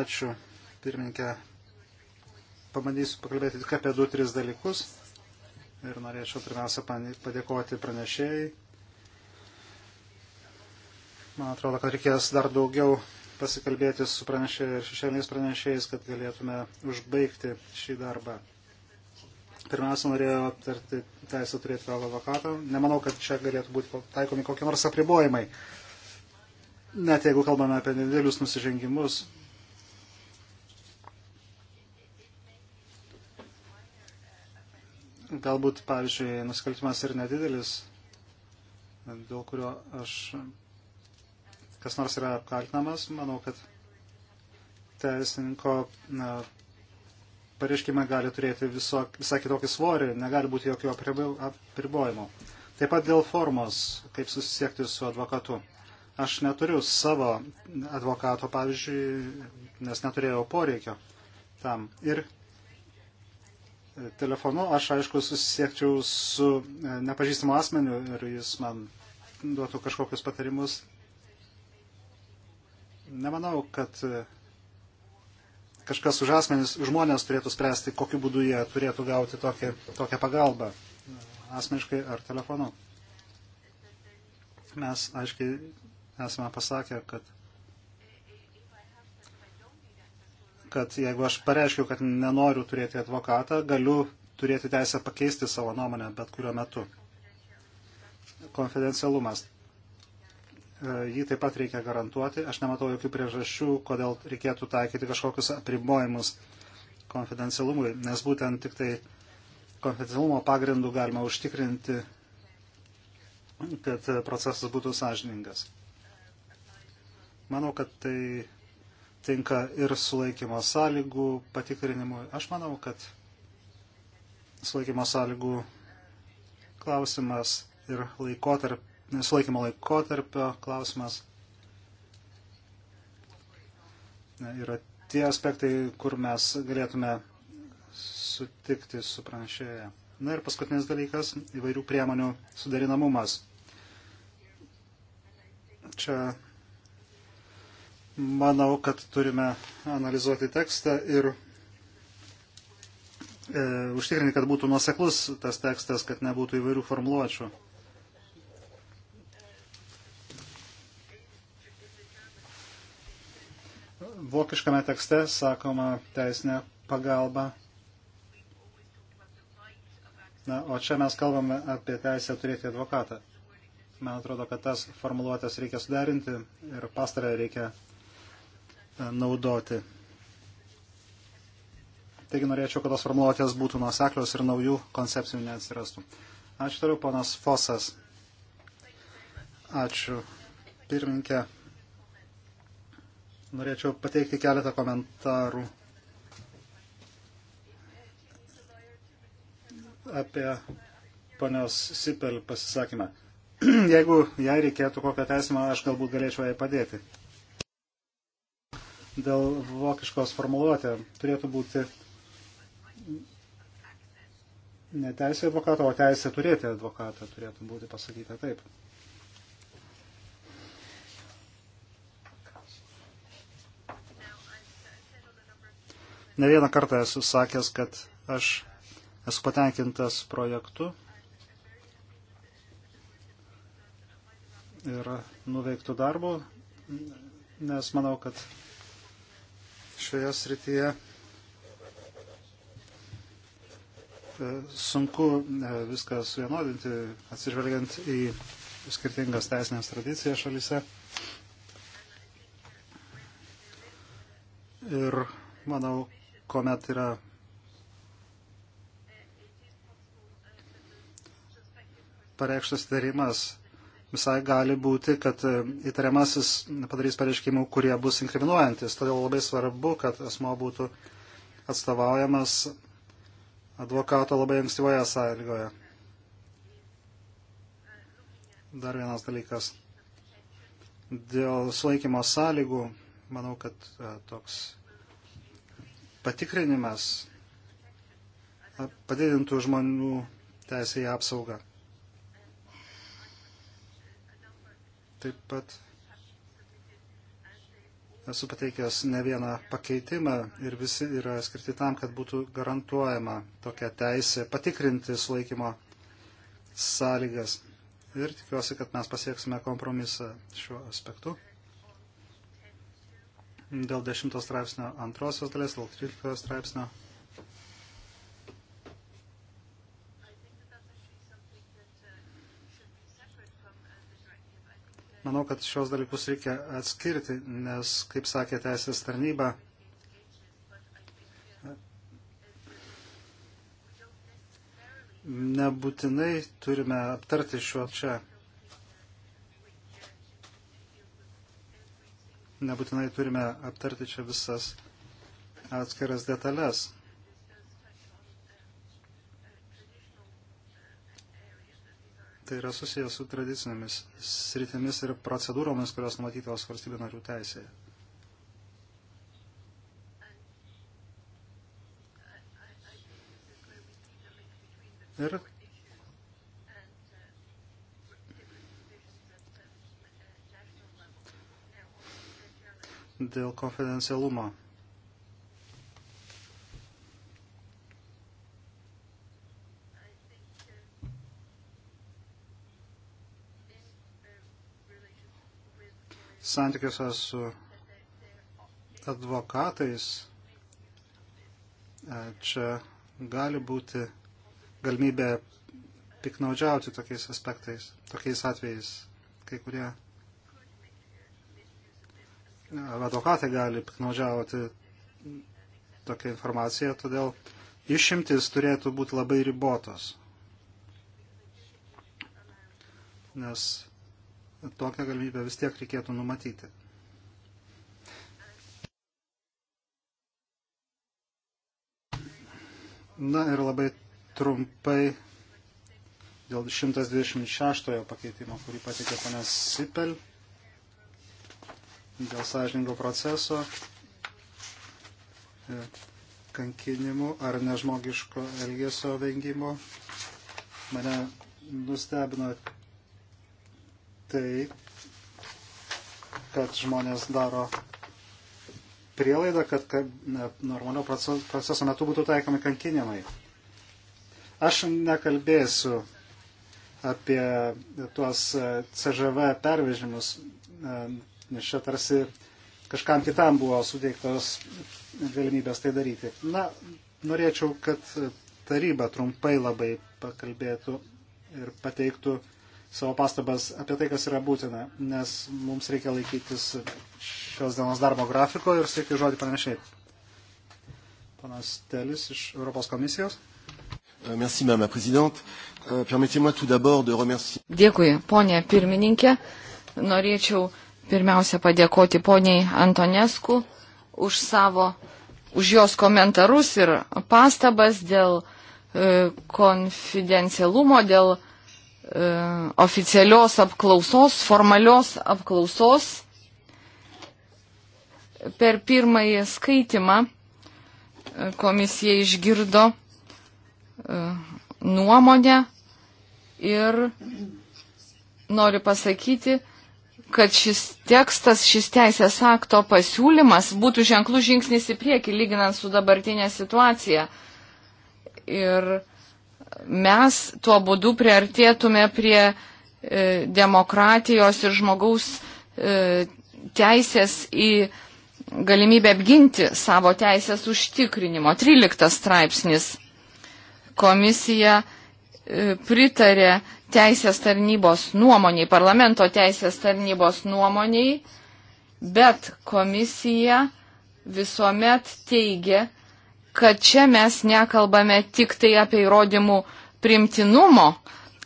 Ačiū, pirmininkė. Pabandysiu pakalbėti tik apie 2-3 dalykus. Ir norėčiau pirmiausia padėkoti pranešėjai. Man atrodo, kad reikės dar daugiau pasikalbėti su pranešėjais ir šešėliniais pranešėjais, kad galėtume užbaigti šį darbą. Pirmiausia, norėjau aptarti teisę turėti vėlą avokatą. Nemanau, kad čia galėtų būti taikomi kokie nors apribojimai. Net jeigu kalbame apie didelius nusižengimus. Galbūt, pavyzdžiui, nusikaltimas ir nedidelis, dėl kurio aš kas nors yra apkaltinamas, manau, kad teisininko na, pareiškimai gali turėti viso, visai kitokį svorį, negali būti jokių apribojimų. Taip pat dėl formos, kaip susisiekti su advokatu. Aš neturiu savo advokato, pavyzdžiui, nes neturėjau poreikio tam. Ir e, telefonu aš, aišku, susisiekčiau su e, nepažįstamu asmeniu ir jis man duotų kažkokius patarimus Nemanau, kad e, kažkas už asmenis, žmonės turėtų spręsti, kokiu būdu jie turėtų gauti tokią, tokią pagalbą, asmeniškai ar telefonu. Mes aiškiai esame pasakę, kad, kad jeigu aš pareiškiu, kad nenoriu turėti advokatą, galiu turėti teisę pakeisti savo nuomonę bet kuriuo metu. Konfidencialumas. E, jį taip pat reikia garantuoti. Aš nematau jokių priežasčių, kodėl reikėtų taikyti kažkokius apribojimus konfidencialumui, nes būtent tik tai konfidencialumo pagrindų galima užtikrinti, kad procesas būtų sąžiningas. Manau, kad tai tinka ir sulaikymo sąlygų patikrinimui. Aš manau, kad sulaikymo sąlygų klausimas ir laikotarp sulaikymo laikotarpio klausimas. Yra tie aspektai, kur mes galėtume sutikti su pranešėje. Na ir paskutinis dalykas - įvairių priemonių sudarinamumas. Čia manau, kad turime analizuoti tekstą ir e, užtikrinti, kad būtų nuoseklus tas tekstas, kad nebūtų įvairių formuluočių. vokiškame tekste sakoma teisinė pagalba. Na, o čia mes kalbame apie teisę turėti advokatą. Man atrodo, kad tas formuluotės reikia suderinti ir pastarąją reikia e, naudoti. Taigi norėčiau, kad tos formuluotės būtų nuoseklios ir naujų koncepcijų neatsirastų. Ačiū toliau, ponas Fosas. Ačiū. Pirminkė, Norėčiau pateikti keletą komentarų apie ponios Sipel pasisakymą. *clears throat* Jeigu jai reikėtų kokią teisimą, aš galbūt galėčiau jai padėti. Dėl vokiškos formuluotė turėtų būti ne teisė advokato, o teisė turėti advokatą turėtų būti pasakyta taip. Ne vieną kartą esu sakęs, kad aš esu patenkintas projektu ir nuveiktų darbų, nes manau, kad šioje srityje e, sunku e, viską suvienodinti, atsižvelgiant į skirtingas teisinės tradicijas šalyse. Ir manau, kuomet yra pareikštas įtarimas, visai gali būti, kad įtariamasis padarys pareiškimų, kurie bus inkriminuojantis. Todėl labai svarbu, kad asmo būtų atstovaujamas advokato labai ankstyvoje sąlygoje. Dar vienas dalykas. Dėl sulaikymo sąlygų, manau, kad e, toks patikrinimas padidintų žmonių teisę į apsaugą. Taip pat esu pateikęs ne vieną pakeitimą ir visi yra skirti tam, kad būtų garantuojama tokia teisė patikrinti sulaikymo sąlygas. Ir tikiuosi, kad mes pasieksime kompromisą šiuo aspektu dėl 10 straipsnio antrosios dalies, dėl 13 straipsnio. Manau, kad šios dalykus reikia atskirti, nes, kaip sakė teisės tarnyba, nebūtinai turime aptarti šiuo čia. nebūtinai turime aptarti čia visas atskiras detalės. Tai yra susijęs su tradicinėmis sritimis ir procedūromis, kurios numatytos valstybė narių teisėje. Ir dėl konfidencialumo. Santykiuose su advokatais e, čia gali būti galimybė piknaudžiauti tokiais aspektais, tokiais atvejais. Kai kurie advokatai gali piknaudžiauti tokią informaciją, todėl išimtis turėtų būti labai ribotos. Nes tokią galimybę vis tiek reikėtų numatyti. Na ir labai trumpai dėl 126 pakeitimo, kurį patikė panas Sipel dėl sąžiningo proceso, e, kankinimų ar nežmogiško elgesio vengimo. Mane nustebino tai, kad žmonės daro prielaidą, kad, kad normalio proceso metu būtų taikomi kankinimai. Aš nekalbėsiu apie tuos e, CŽV pervežimus, e, nes čia tarsi kažkam kitam buvo suteiktos galimybės tai daryti. Na, norėčiau, kad taryba trumpai labai pakalbėtų ir pateiktų savo pastabas apie tai, kas yra būtina, nes mums reikia laikytis šios dienos darbo grafiko ir sveiki žodį panašiai. Panas Telis iš Europos komisijos. Euh, merci, Madame la Présidente. Euh, permettez-moi tout d'abord de remercier. Dėkui, ponė pirmininkė. Norėčiau pirmiausia padėkoti poniai Antonesku už savo, už jos komentarus ir pastabas dėl e, konfidencialumo, dėl e, oficialios apklausos, formalios apklausos. Per pirmąjį skaitimą e, komisija išgirdo e, nuomonę ir noriu pasakyti, kad šis tekstas, šis teisės akto pasiūlymas būtų ženklų žingsnis į priekį, lyginant su dabartinė situacija. Ir mes tuo būdu priartėtume prie e, demokratijos ir žmogaus e, teisės į galimybę apginti savo teisės užtikrinimo. 13 straipsnis. Komisija e, pritarė teisės tarnybos nuomoniai, parlamento teisės tarnybos nuomoniai, bet komisija visuomet teigia, kad čia mes nekalbame tik tai apie įrodymų primtinumo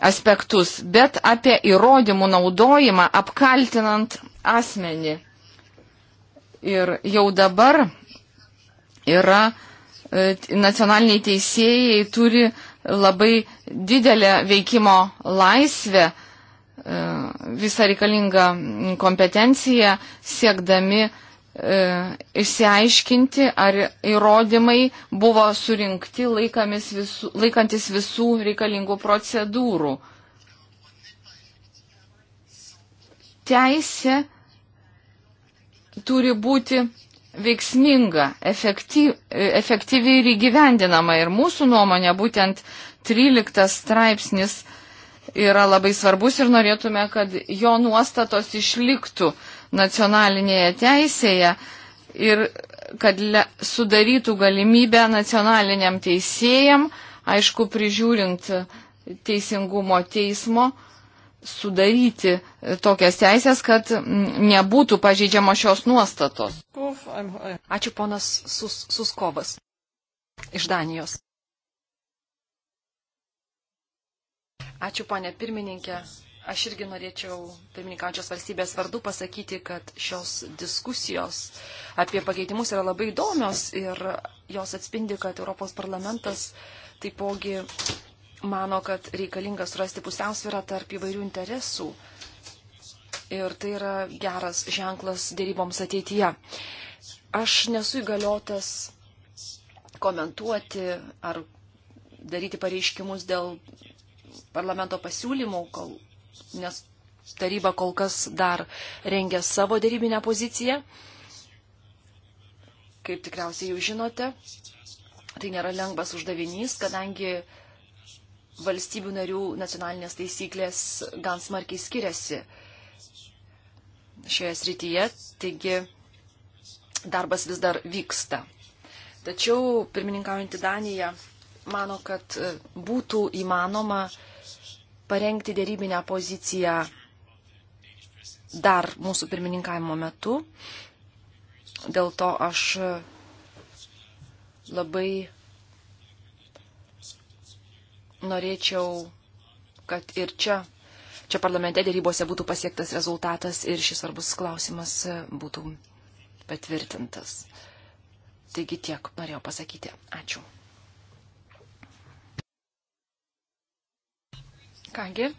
aspektus, bet apie įrodymų naudojimą apkaltinant asmenį. Ir jau dabar yra e, nacionaliniai teisėjai turi labai didelę veikimo laisvę, e, visą reikalingą kompetenciją, siekdami e, išsiaiškinti, ar įrodymai buvo surinkti visų, laikantis visų reikalingų procedūrų. Teisė turi būti veiksminga, efektyv, efektyvi ir įgyvendinama. Ir mūsų nuomonė būtent 13 straipsnis yra labai svarbus ir norėtume, kad jo nuostatos išliktų nacionalinėje teisėje ir kad le, sudarytų galimybę nacionaliniam teisėjam, aišku, prižiūrint teisingumo teismo sudaryti e, tokias teisės, kad nebūtų pažeidžiamo šios nuostatos. Ačiū ponas Sus Suskovas iš Danijos. Ačiū ponė pirmininkė. Aš irgi norėčiau pirmininkančios valstybės vardu pasakyti, kad šios diskusijos apie pakeitimus yra labai įdomios ir jos atspindi, kad Europos parlamentas taipogi mano, kad reikalinga surasti pusiausvyrą tarp įvairių interesų. Ir tai yra geras ženklas dėryboms ateityje. Aš nesu įgaliotas komentuoti ar daryti pareiškimus dėl parlamento pasiūlymų, kol, nes taryba kol kas dar rengia savo dėrybinę poziciją. Kaip tikriausiai jau žinote, tai nėra lengvas uždavinys, kadangi valstybių narių nacionalinės taisyklės gan smarkiai skiriasi šioje srityje, taigi darbas vis dar vyksta. Tačiau pirmininkaujantį Daniją mano, kad e, būtų įmanoma parengti dėrybinę poziciją dar mūsų pirmininkavimo metu. Dėl to aš e, labai norėčiau, kad ir čia, čia parlamente dėrybose būtų pasiektas rezultatas ir šis svarbus klausimas būtų patvirtintas. Taigi tiek norėjau pasakyti. Ačiū. Kągi,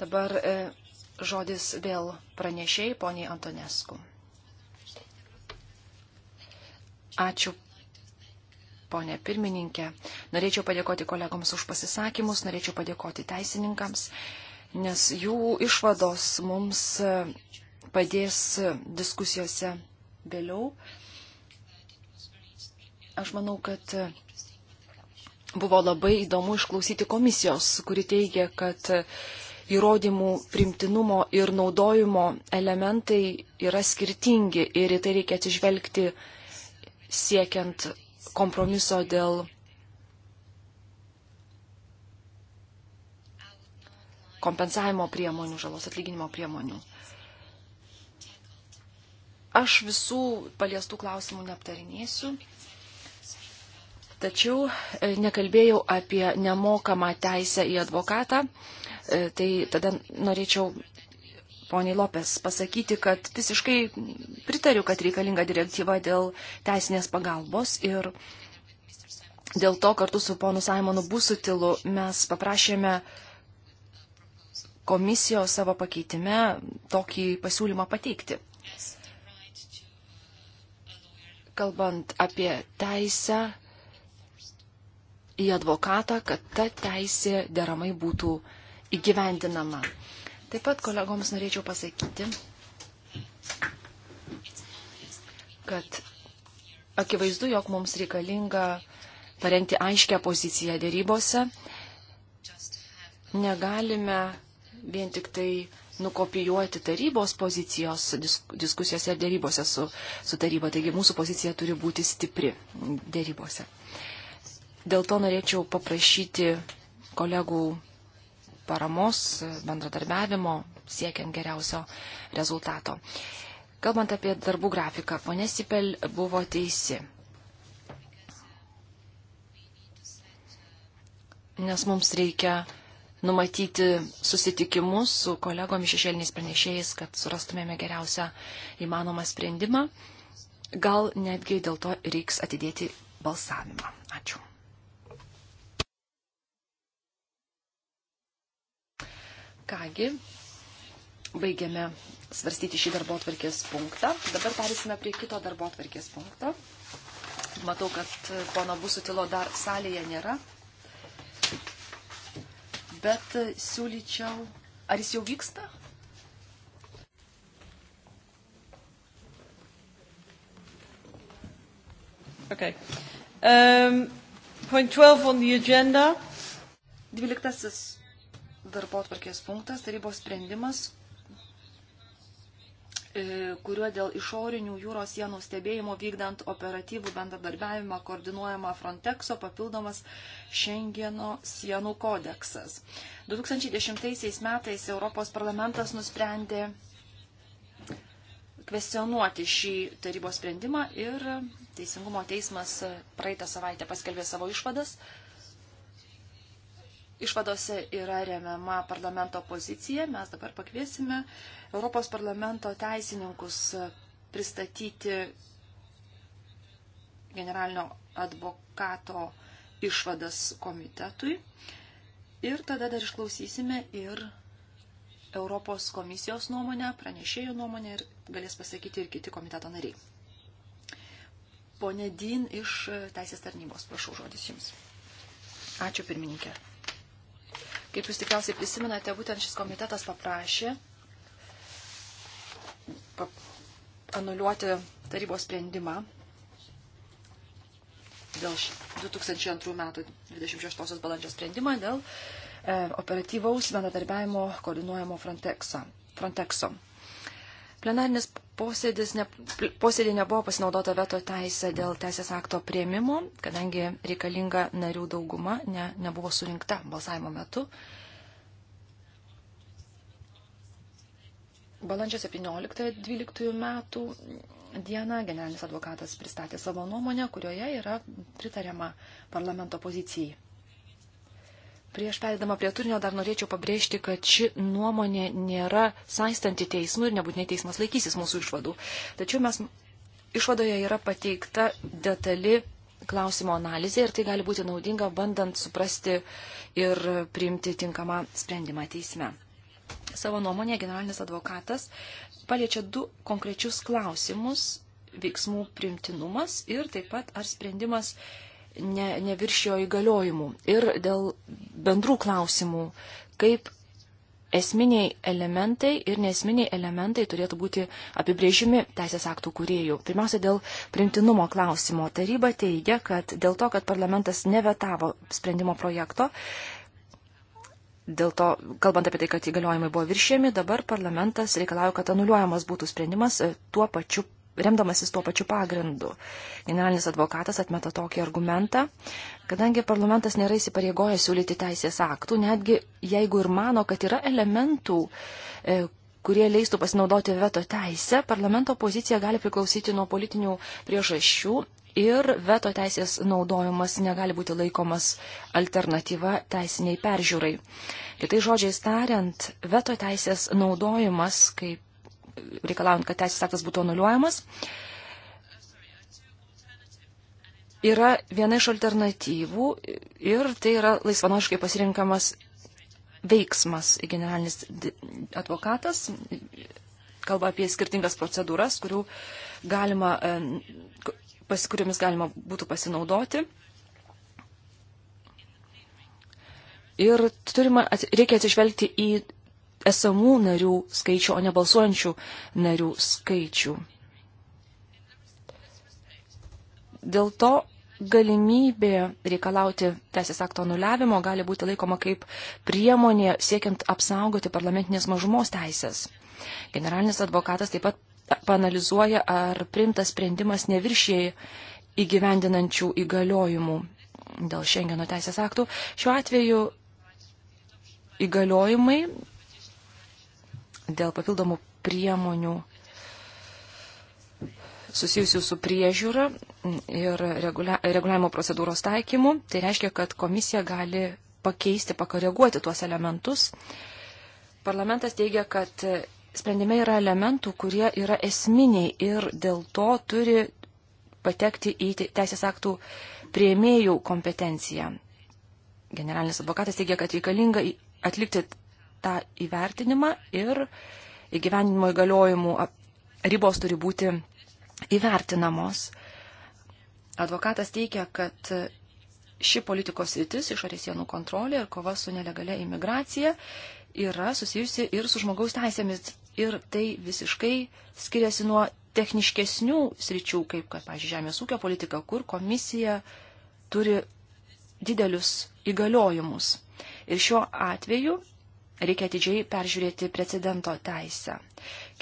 dabar e, žodis vėl pranešiai poniai Antonesku. Ačiū, ponė pirmininkė. Norėčiau padėkoti kolegoms už pasisakymus, norėčiau padėkoti teisininkams, nes jų išvados mums e, padės diskusijose vėliau. Aš manau, kad e, buvo labai įdomu išklausyti komisijos, kuri teigia, kad e, įrodymų primtinumo ir naudojimo elementai yra skirtingi ir į tai reikia atsižvelgti siekiant kompromiso dėl kompensavimo priemonių, žalos atlyginimo priemonių. Aš visų paliestų klausimų neaptarinėsiu, tačiau e, nekalbėjau apie nemokamą teisę į advokatą, e, tai tada norėčiau poniai Lopes pasakyti, kad visiškai pritariu, kad reikalinga direktyva dėl teisinės pagalbos ir dėl to kartu su ponu Simonu Busutilu mes paprašėme komisijos savo pakeitime tokį pasiūlymą pateikti. Kalbant apie teisę į advokatą, kad ta teisė deramai būtų įgyvendinama. Taip pat kolegoms norėčiau pasakyti, kad akivaizdu, jog mums reikalinga parengti aiškę poziciją dėrybose. Negalime vien tik tai nukopijuoti tarybos pozicijos diskusijose ir dėrybose su, su taryba. Taigi mūsų pozicija turi būti stipri dėrybose. Dėl to norėčiau paprašyti kolegų paramos, bendradarbiavimo, siekiant geriausio rezultato. Kalbant apie darbų grafiką, ponė Sipel buvo teisi. Nes mums reikia numatyti susitikimus su kolegomis šešėliniais pranešėjais, kad surastumėme geriausią įmanomą sprendimą. Gal netgi dėl to reiks atidėti balsavimą. Kągi, baigiame svarstyti šį darbo atvarkės punktą. Dabar perėsime prie kito darbo atvarkės punkto. Matau, kad pono Busutilo dar salėje nėra. Bet siūlyčiau. Ar jis jau vyksta? Okay. Um, point 12 on the agenda. Dvyliktasis darbo atvarkės punktas, tarybos sprendimas, e, kuriuo dėl išorinių jūros sienų stebėjimo vykdant operatyvų bendradarbiavimą koordinuojama Frontexo papildomas Šengeno sienų kodeksas. 2010 metais Europos parlamentas nusprendė kvestionuoti šį tarybos sprendimą ir Teisingumo teismas praeitą savaitę paskelbė savo išvadas. Išvadose yra remiama parlamento pozicija. Mes dabar pakviesime Europos parlamento teisininkus pristatyti generalinio advokato išvadas komitetui. Ir tada dar išklausysime ir Europos komisijos nuomonę, pranešėjų nuomonę ir galės pasakyti ir kiti komiteto nariai. Pone Dyn iš Teisės tarnybos, prašau žodis Jums. Ačiū pirmininkė. Kaip jūs tikriausiai prisiminate, būtent šis komitetas paprašė pap anuliuoti tarybos sprendimą dėl 2002 metų 26 balandžio sprendimą dėl e, operatyvaus bendradarbiavimo koordinuojamo Frontexo. Frontexo. Plenarinis posėdis ne, posėdį nebuvo pasinaudota veto teisė dėl teisės akto prieimimo, kadangi reikalinga narių dauguma ne, nebuvo surinkta balsavimo metu. Balandžio 17-12 metų dieną generalinis advokatas pristatė savo nuomonę, kurioje yra pritariama parlamento pozicijai. Prieš perėdama prie turinio dar norėčiau pabrėžti, kad ši nuomonė nėra saistanti teismų ir nebūtinai teismas laikysis mūsų išvadų. Tačiau mes išvadoje yra pateikta detali klausimo analizė ir tai gali būti naudinga, bandant suprasti ir priimti tinkamą sprendimą teisme. Savo nuomonė generalinis advokatas paliečia du konkrečius klausimus - veiksmų primtinumas ir taip pat ar sprendimas ne, neviršijo įgaliojimų. Ir dėl bendrų klausimų, kaip esminiai elementai ir nesminiai elementai turėtų būti apibrėžimi teisės aktų kuriejų. Pirmiausia, dėl primtinumo klausimo. Taryba teigia, kad dėl to, kad parlamentas nevetavo sprendimo projekto, dėl to, kalbant apie tai, kad įgaliojimai buvo viršėmi, dabar parlamentas reikalauja, kad anuliuojamas būtų sprendimas e, tuo pačiu remdamasis tuo pačiu pagrindu. Generalinis advokatas atmeta tokį argumentą, kadangi parlamentas nėra įsipareigojęs siūlyti teisės aktų, netgi jeigu ir mano, kad yra elementų, e, kurie leistų pasinaudoti veto teisę, parlamento pozicija gali priklausyti nuo politinių priežasčių ir veto teisės naudojimas negali būti laikomas alternatyva teisiniai peržiūrai. Kitai žodžiai tariant, veto teisės naudojimas kaip reikalaujant, kad teisės aktas būtų anuliuojamas. Yra viena iš alternatyvų ir tai yra laisvanoriškai pasirinkamas veiksmas generalinis advokatas, kalba apie skirtingas procedūras, kurių galima, e, pas, kuriomis galima būtų pasinaudoti. Ir turime, reikia atsižvelgti į esamų narių skaičių, o ne balsuojančių narių skaičių. Dėl to galimybė reikalauti teisės akto nuliavimo gali būti laikoma kaip priemonė siekiant apsaugoti parlamentinės mažumos teisės. Generalinis advokatas taip pat panalizuoja, ar primtas sprendimas neviršiai įgyvendinančių įgaliojimų dėl Šengeno teisės aktų. Šiuo atveju įgaliojimai dėl papildomų priemonių susijusių su priežiūra ir regulia, reguliavimo procedūros taikymu. Tai reiškia, kad komisija gali pakeisti, pakoreguoti tuos elementus. Parlamentas teigia, kad sprendime yra elementų, kurie yra esminiai ir dėl to turi patekti į teisės aktų prieimėjų kompetenciją. Generalinis advokatas teigia, kad reikalinga atlikti tą įvertinimą ir įgyvendinimo įgaliojimų ribos turi būti įvertinamos. Advokatas teikia, kad ši politikos rytis, išorės sienų kontrolė ir kova su nelegalia imigracija yra susijusi ir su žmogaus teisėmis. Ir tai visiškai skiriasi nuo techniškesnių sričių, kaip, kad, pažiūrėjau, žemės ūkio politika, kur komisija turi didelius įgaliojimus. Ir šiuo atveju Reikia atidžiai peržiūrėti precedento teisę.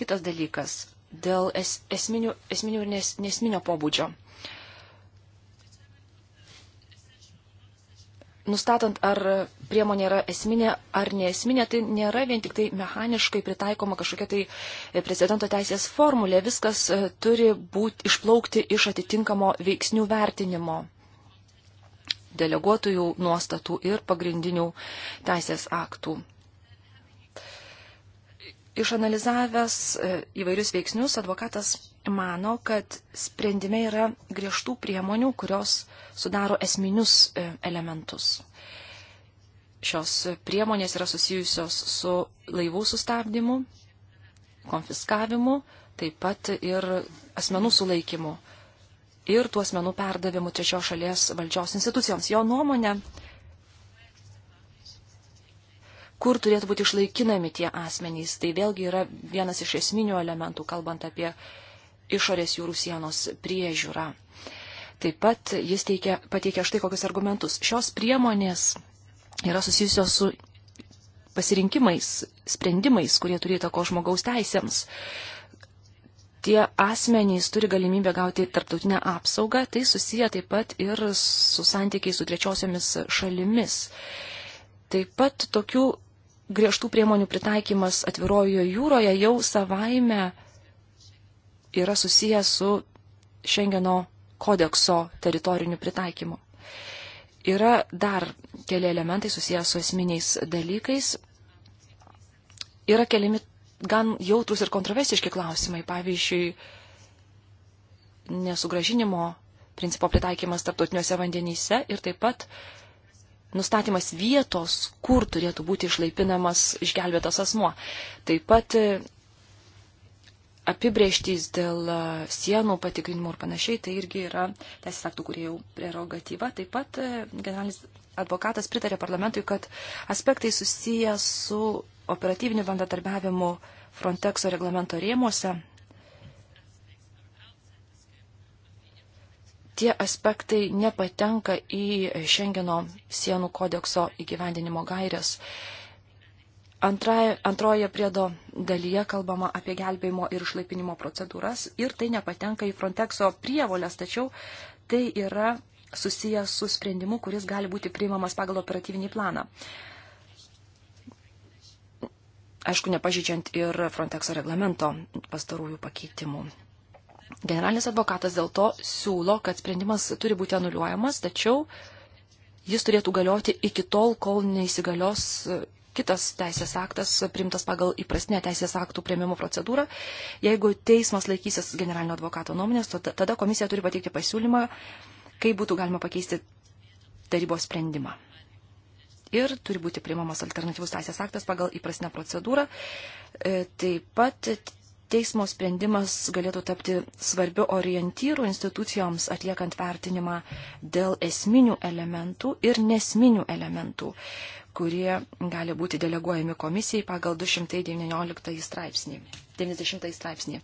Kitas dalykas - dėl es, esminių, esminių ir nes, nesminio pobūdžio. nustatant, ar priemonė yra esminė ar nesminė, tai nėra vien tik tai mechaniškai pritaikoma kažkokia tai prezidento teisės formulė. Viskas e, turi būti išplaukti iš atitinkamo veiksnių vertinimo deleguotųjų nuostatų ir pagrindinių teisės aktų. Išanalizavęs e, įvairius veiksnius, advokatas mano, kad sprendime yra griežtų priemonių, kurios sudaro esminius e, elementus. Šios priemonės yra susijusios su laivų sustabdymu, konfiskavimu, taip pat ir asmenų sulaikymu ir tų asmenų perdavimu trečios šalies valdžios institucijoms. Jo nuomonė, kur turėtų būti išlaikinami tie asmenys. Tai vėlgi yra vienas iš esminių elementų, kalbant apie išorės jūrų sienos priežiūrą. Taip pat jis teikia, pateikia štai kokius argumentus. Šios priemonės yra susijusios su pasirinkimais, sprendimais, kurie turi įtako žmogaus teisėms. Tie asmenys turi galimybę gauti tarptautinę apsaugą, tai susiję taip pat ir su santykiai su trečiosiomis šalimis. Taip pat tokių griežtų priemonių pritaikymas atvirojoje jūroje jau savaime yra susijęs su Šengeno kodekso teritoriniu pritaikymu. Yra dar keli elementai susijęs su esminiais dalykais. Yra keliami gan jautrus ir kontroversiški klausimai, pavyzdžiui, nesugražinimo principo pritaikymas tarptautiniuose vandenyse ir taip pat uh, nustatymas vietos, kur turėtų būti išlaipinamas išgelbėtas asmuo. Taip pat e, apibrieštys dėl e, sienų patikrinimų ir panašiai, tai irgi yra teisės aktų kuriejų prerogatyva. Taip pat e, generalinis advokatas pritarė parlamentui, kad aspektai susiję su operatyviniu bendradarbiavimu Frontexo reglamento rėmuose tie aspektai nepatenka į Šengeno sienų kodekso įgyvendinimo gairias. Antraje, antroje priedo dalyje kalbama apie gelbėjimo ir išlaipinimo procedūras ir tai nepatenka į Frontexo prievolės, tačiau tai yra susijęs su sprendimu, kuris gali būti priimamas pagal operatyvinį planą. Aišku, nepažydžiant ir Frontexo reglamento pastarųjų pakeitimų. Generalinis advokatas dėl to siūlo, kad sprendimas turi būti anuliuojamas, tačiau jis turėtų galioti iki tol, kol neįsigalios e, kitas teisės aktas, primtas pagal įprastinę teisės aktų prieimimo procedūrą. Jeigu teismas laikysis generalinio advokato nuomonės, tada komisija turi pateikti pasiūlymą, kaip būtų galima pakeisti tarybos sprendimą. Ir turi būti priimamas alternatyvus teisės aktas pagal įprastinę procedūrą. E, taip pat teismo sprendimas galėtų tapti svarbiu orientyru institucijoms atliekant vertinimą dėl esminių elementų ir nesminių elementų, kurie gali būti deleguojami komisijai pagal 219 straipsnį. 90 straipsnį.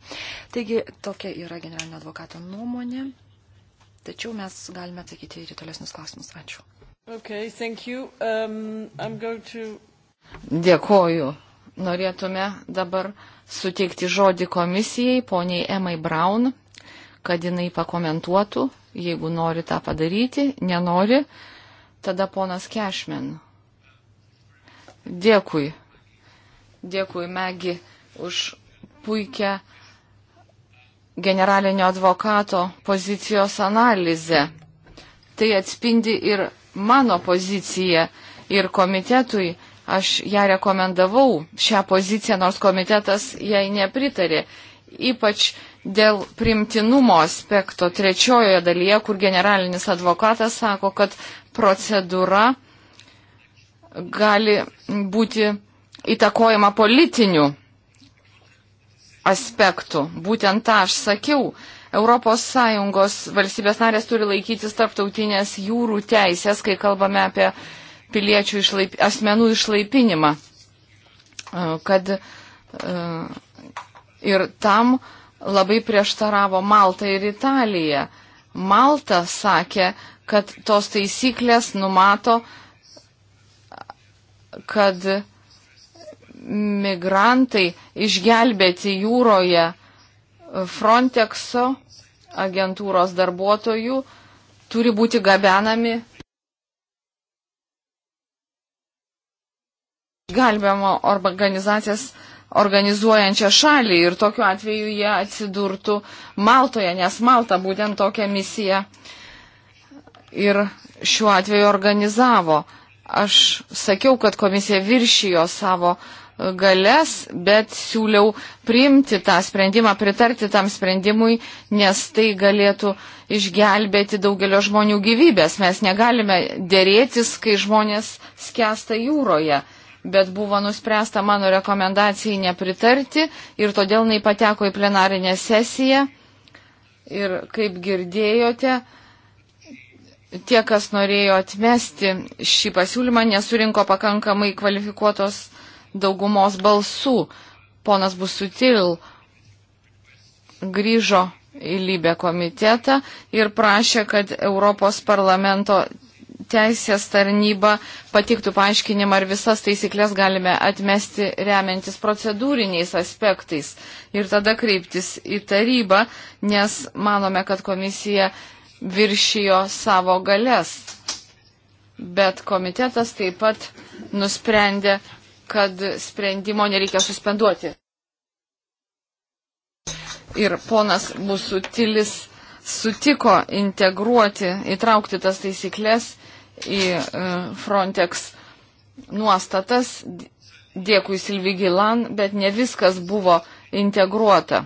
Taigi tokia yra generalinio advokato nuomonė. Tačiau mes galime atsakyti ir į tolesnius klausimus. Ačiū. Okay, thank you. Um, I'm going to... Dėkoju norėtume dabar suteikti žodį komisijai, poniai Emai Braun, kad jinai pakomentuotų, jeigu nori tą padaryti, nenori, tada ponas Kešmen. Dėkui. Dėkui, Megi, už puikią generalinio advokato pozicijos analizę. Tai atspindi ir mano poziciją ir komitetui Aš ją rekomendavau, šią poziciją, nors komitetas jai nepritarė. Ypač dėl primtinumo aspekto trečiojoje dalyje, kur generalinis advokatas sako, kad procedūra gali būti įtakojama politinių aspektų. Būtent tą aš sakiau. ES valstybės narės turi laikytis tarptautinės jūrų teisės, kai kalbame apie piliečių išlaip, asmenų išlaipinimą. E, kad, e, ir tam labai prieštaravo Malta ir Italija. Malta sakė, kad tos taisyklės numato, kad migrantai išgelbėti jūroje Frontexo agentūros darbuotojų turi būti gabenami gelbėjimo organizacijas organizuojančią šalį ir tokiu atveju jie atsidurtų Maltoje, nes Malta būtent tokią misiją ir šiuo atveju organizavo. Aš sakiau, kad komisija viršijo savo galės, bet siūliau priimti tą sprendimą, pritarti tam sprendimui, nes tai galėtų išgelbėti daugelio žmonių gyvybės. Mes negalime dėrėtis, kai žmonės skęsta jūroje bet buvo nuspręsta mano rekomendacijai nepritarti ir todėl jinai pateko į plenarinę sesiją. Ir kaip girdėjote, tie, kas norėjo atmesti šį pasiūlymą, nesurinko pakankamai kvalifikuotos daugumos balsų. Ponas Busutil grįžo į Lybę komitetą ir prašė, kad Europos parlamento teisės tarnyba patiktų paaiškinimą, ar visas taisyklės galime atmesti remiantis procedūriniais aspektais ir tada kreiptis į tarybą, nes manome, kad komisija viršijo savo galės. Bet komitetas taip pat nusprendė, kad sprendimo nereikia suspenduoti. Ir ponas Busutilis sutiko integruoti, įtraukti tas taisyklės į e, Frontex nuostatas. Dėkui Silvi Gilan, bet ne viskas buvo integruota.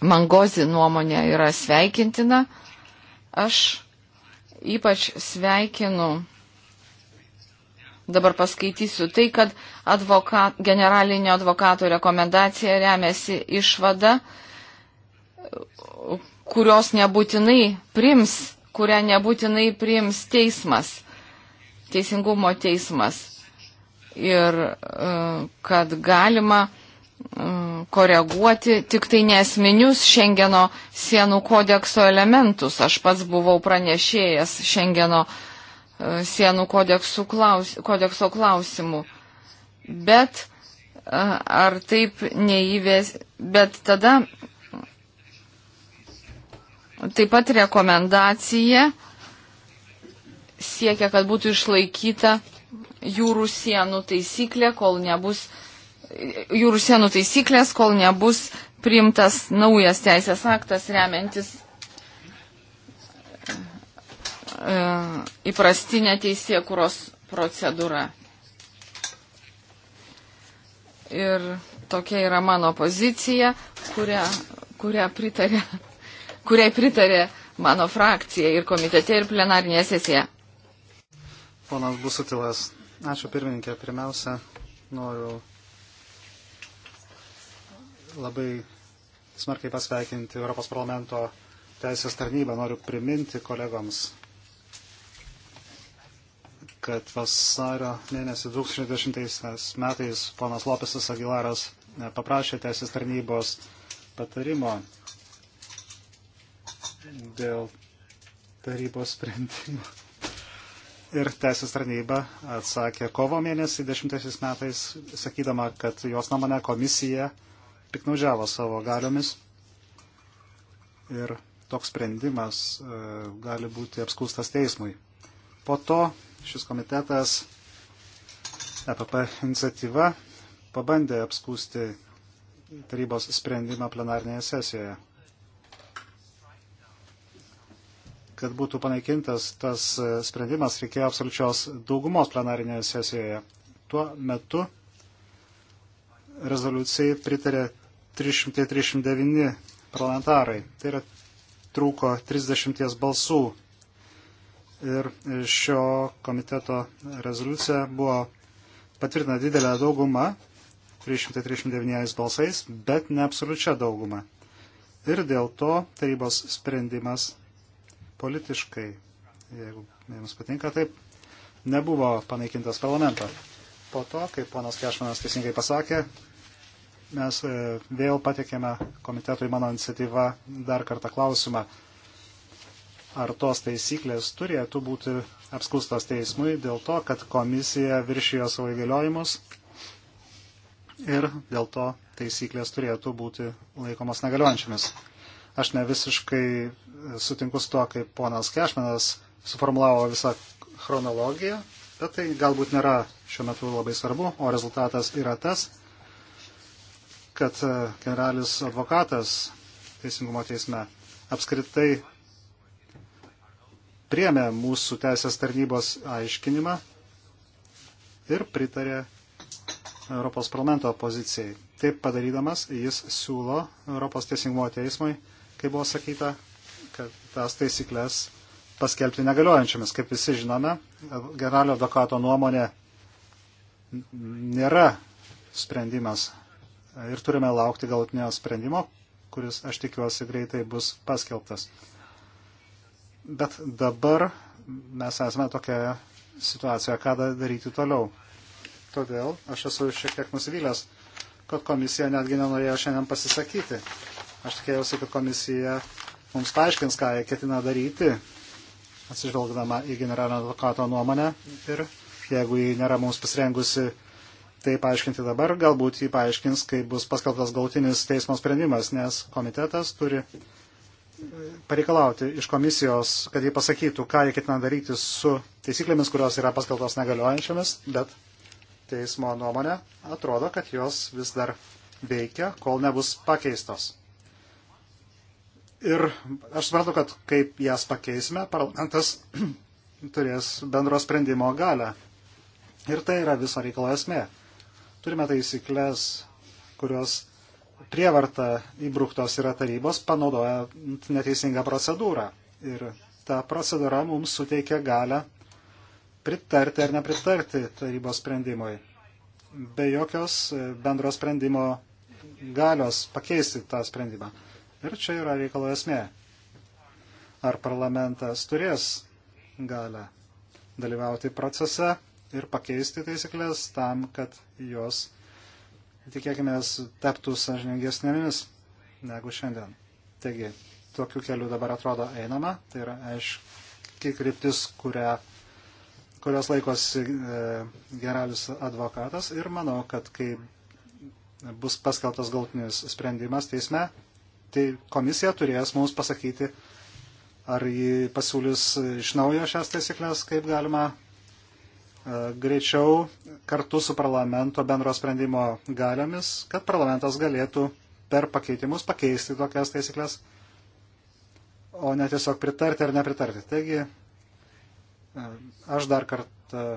Mangozi nuomonė yra sveikintina. Aš ypač sveikinu, dabar paskaitysiu tai, kad advokat, generalinio advokato rekomendacija remiasi išvada, kurios nebūtinai prims kurią nebūtinai priims teismas, teisingumo teismas. Ir e, kad galima e, koreguoti tik tai nesminius Šengeno sienų kodekso elementus. Aš pats buvau pranešėjęs Šengeno e, sienų klaus, kodekso klausimų. Bet ar taip neįvės, bet tada Taip pat rekomendacija siekia, kad būtų išlaikyta jūrų sienų taisyklė, kol nebus jūrų sienų taisyklės, kol nebus priimtas naujas teisės aktas remiantis e, įprastinę teisėkuros procedūrą. Ir tokia yra mano pozicija, kurią, kurią pritarė kuriai pritarė mano frakcija ir komitete, ir plenarinėje sesijoje. Ponas Busutilas, ačiū pirmininkė. Pirmiausia, noriu labai smarkiai pasveikinti Europos parlamento teisės tarnybą. Noriu priminti kolegoms, kad vasario mėnesį 2010 metais ponas Lopesas Agilaras paprašė teisės tarnybos patarimo dėl tarybos sprendimo. Ir teisės tarnyba atsakė kovo mėnesį 10 metais, sakydama, kad jos nuomonė komisija piknaudžiavo savo galiomis. Ir toks sprendimas e, gali būti apskūstas teismui. Po to šis komitetas EPP iniciatyva pabandė apskūsti tarybos sprendimą plenarnėje sesijoje. kad būtų panaikintas tas e, sprendimas, reikėjo absoliučios daugumos plenarinėje sesijoje. Tuo metu rezoliucijai pritarė 339 parlamentarai. Tai yra trūko 30 balsų. Ir šio komiteto rezoliucija buvo patvirtina didelę daugumą, 339 balsais, bet ne absoliučia dauguma. Ir dėl to tarybos sprendimas politiškai, jeigu jums patinka taip, nebuvo panaikintas parlamento. Po to, kaip ponas Kešmanas teisingai pasakė, mes e, vėl patikėme komitetui mano iniciatyvą dar kartą klausimą, ar tos taisyklės turėtų būti apskustos teismui dėl to, kad komisija viršijo savo įgaliojimus ir dėl to taisyklės turėtų būti laikomos negaliojančiamis. Aš ne visiškai sutinku su to, kaip ponas Kešmanas suformulavo visą chronologiją, bet tai galbūt nėra šiuo metu labai svarbu, o rezultatas yra tas, kad e, generalinis advokatas Teisingumo teisme apskritai priemė mūsų teisės tarnybos aiškinimą ir pritarė Europos parlamento pozicijai. Taip padarydamas jis siūlo Europos teisingumo teismui, kaip buvo sakyta, kad tas taisyklės paskelbti negaliojančiamis. Kaip visi žinome, generalinio advokato nuomonė nėra sprendimas ir turime laukti galutinio sprendimo, kuris, aš tikiuosi, greitai bus paskelbtas. Bet dabar mes esame tokia situacija, ką daryti toliau. Todėl aš esu šiek tiek nusivylęs, kad komisija netgi nenorėjo šiandien pasisakyti. Aš tikėjausi, kad komisija mums paaiškins, ką jie ketina daryti, atsižvelgdama į generalinio advokato nuomonę ir jeigu ji nėra mums pasirengusi tai paaiškinti dabar, galbūt jį paaiškins, kai bus paskelbtas gautinis teismo sprendimas, nes komitetas turi e, pareikalauti iš komisijos, kad jie pasakytų, ką jie ketina daryti su taisyklėmis, kurios yra paskelbtos negaliojančiamis, bet teismo nuomonė atrodo, kad jos vis dar veikia, kol nebus pakeistos. Ir aš suprantu, kad kaip jas pakeisime, parlamentas *clears throat* turės bendro sprendimo galę. Ir tai yra viso reikalo esmė. Turime taisyklės, kurios prievarta įbruktos yra tarybos, panaudojant neteisingą procedūrą. Ir ta procedūra mums suteikia galę pritarti ar nepritarti tarybos sprendimui. Be jokios e, bendro sprendimo galios pakeisti tą sprendimą. Ir čia yra reikalo esmė. Ar parlamentas turės galę dalyvauti procese ir pakeisti taisyklės tam, kad jos, tikėkime, taptų sažiningesnėmis negu šiandien. Taigi, tokiu keliu dabar atrodo einama, tai yra aiškiai kryptis, kurią, kurios laikosi e, generalius advokatas ir manau, kad kai bus paskeltas galtinis sprendimas teisme, tai komisija turės mums pasakyti, ar ji pasiūlys iš naujo šias taisyklės, kaip galima e, greičiau kartu su parlamento bendro sprendimo galiomis, kad parlamentas galėtų per pakeitimus pakeisti tokias taisyklės, o ne tiesiog pritarti ar nepritarti. Taigi, e, aš dar kartą e,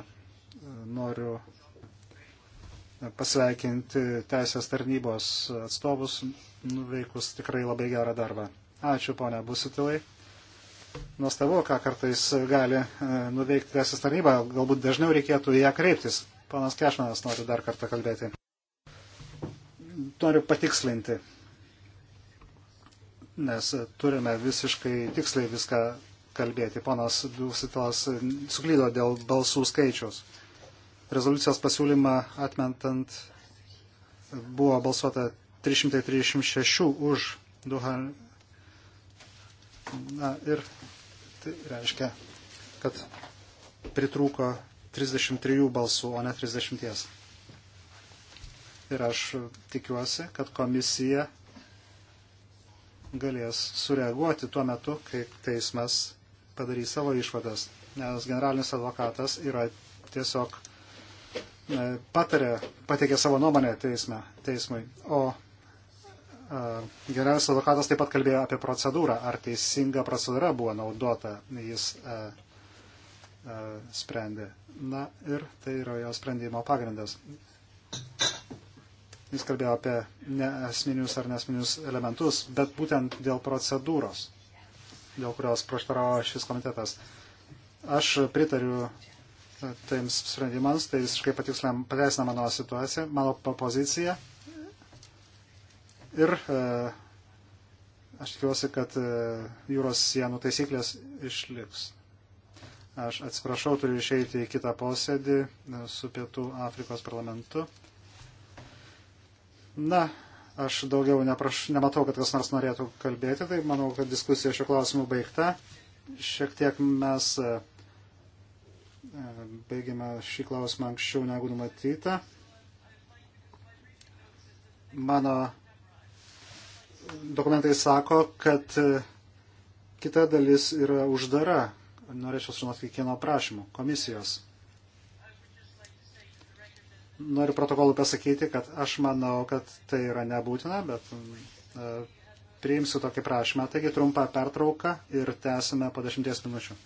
noriu pasveikinti teisės tarnybos atstovus, nuveikus tikrai labai gerą darbą. Ačiū, ponia Busitilai. Nuostabu, ką kartais gali e, nuveikti teisės tarnyba, galbūt dažniau reikėtų į ją kreiptis. Panas Kešmanas nori dar kartą kalbėti. Noriu patikslinti, nes turime visiškai tiksliai viską kalbėti. Ponas Dusitlas suklydo dėl balsų skaičiaus rezoliucijos pasiūlymą atmentant buvo balsuota 336 už Doha. Na ir tai reiškia, kad pritrūko 33 balsų, o ne 30. Ir aš tikiuosi, kad komisija galės sureaguoti tuo metu, kai teismas padarys savo išvadas, nes generalinis advokatas yra tiesiog E, patarė, pateikė savo nuomonę teisme, teismui. O e, geriausias advokatas taip pat kalbėjo apie procedūrą, ar teisinga procedūra buvo naudota, jis a, e, a, sprendė. Na ir tai yra jo sprendimo pagrindas. Jis kalbėjo apie neesminius ar nesminius elementus, bet būtent dėl procedūros, dėl kurios prieštaravo šis komitetas. Aš pritariu tiems sprendimams, tai visiškai pateisina mano situaciją, mano poziciją. Ir e, aš tikiuosi, kad e, jūros sienų taisyklės išliks. Aš atsiprašau, turiu išeiti į kitą posėdį e, su Pietų Afrikos parlamentu. Na, aš daugiau nepraš, nematau, kad kas nors norėtų kalbėti, tai manau, kad diskusija šiuo klausimu baigta. Šiek tiek mes. E, baigėme šį klausimą anksčiau negu numatyta. Mano dokumentai sako, kad e, kita dalis yra uždara. Norėčiau sužinoti kiekvieno prašymo komisijos. Noriu protokolų pasakyti, kad aš manau, kad tai yra nebūtina, bet e, priimsiu tokį prašymą. Taigi trumpa pertrauka ir tęsime po dešimties minučių.